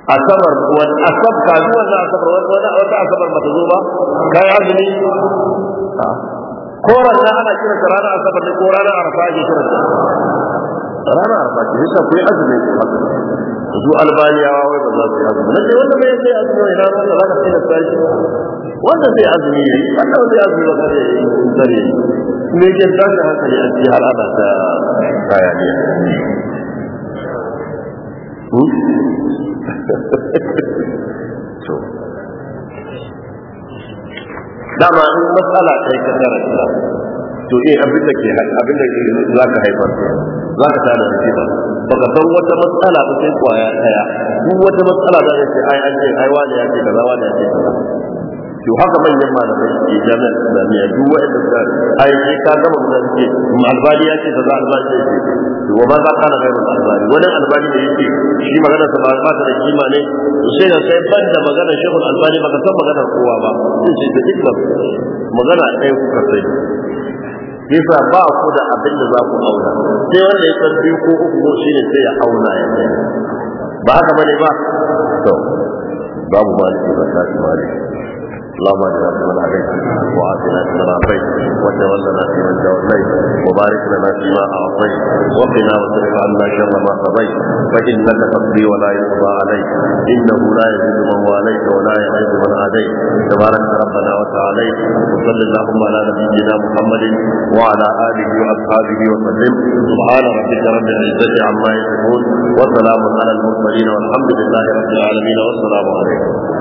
S1: asabar wani asab ka zuwa na asabar wani wata asabar mata zo ba kai azumi ko ranar ana kiran ta ranar asabar ne ko ranar arafa ake ta ranar arafa ce yasa ku yi azumi ku haka su albaniyawa wai ba za su yi azumi nake wanda bai sai azumi wai ranar da zaka sai da sai wanda sai azumi ne wanda sai azumi ba kare sare ne ke tashi hankali a cikin har ana ta bayaniya hmm? dama in matsala ta yi karanta to eh abin da ke abin da za ka haifar za ka tada da ba baka san wata matsala ba sai kwaya daya duk wata matsala za ka ce ai an ce ai wani ya ce kaza wani ya ce kaza to haka manyan malamai ke jami'ar islamiyya duk da suka ai sai ka gama mun ke. albani ya ce kaza albani ya ce to wa ba za ka na gairun albani wani albani da yake shi magana sa ba ta da kima ne to sai da sai ban da magana shehul albani ka san magana kowa ba sai sai da ikba magana ɗaya kuka sai yasa ba ku da abin da za ku auna sai wanda ya san biyu ko uku ko ne sai ya auna ya ba haka bane ba to babu maliki ba ta ne. اللهم اجعلنا فيمن هديت وعافنا فيمن عافيت وتولنا فيمن توليت وبارك لنا فيما اعطيت وقنا واصرف عنا شر ما قضيت فانك تقضي ولا يقضى عليك انه لا يزيد من واليت ولا يعز من عاديت تبارك ربنا وتعاليت وصل اللهم على نبينا محمد وعلى اله واصحابه وسلم سبحان ربك رب العزه عما يصفون وسلام على المرسلين والحمد لله رب العالمين والسلام عليكم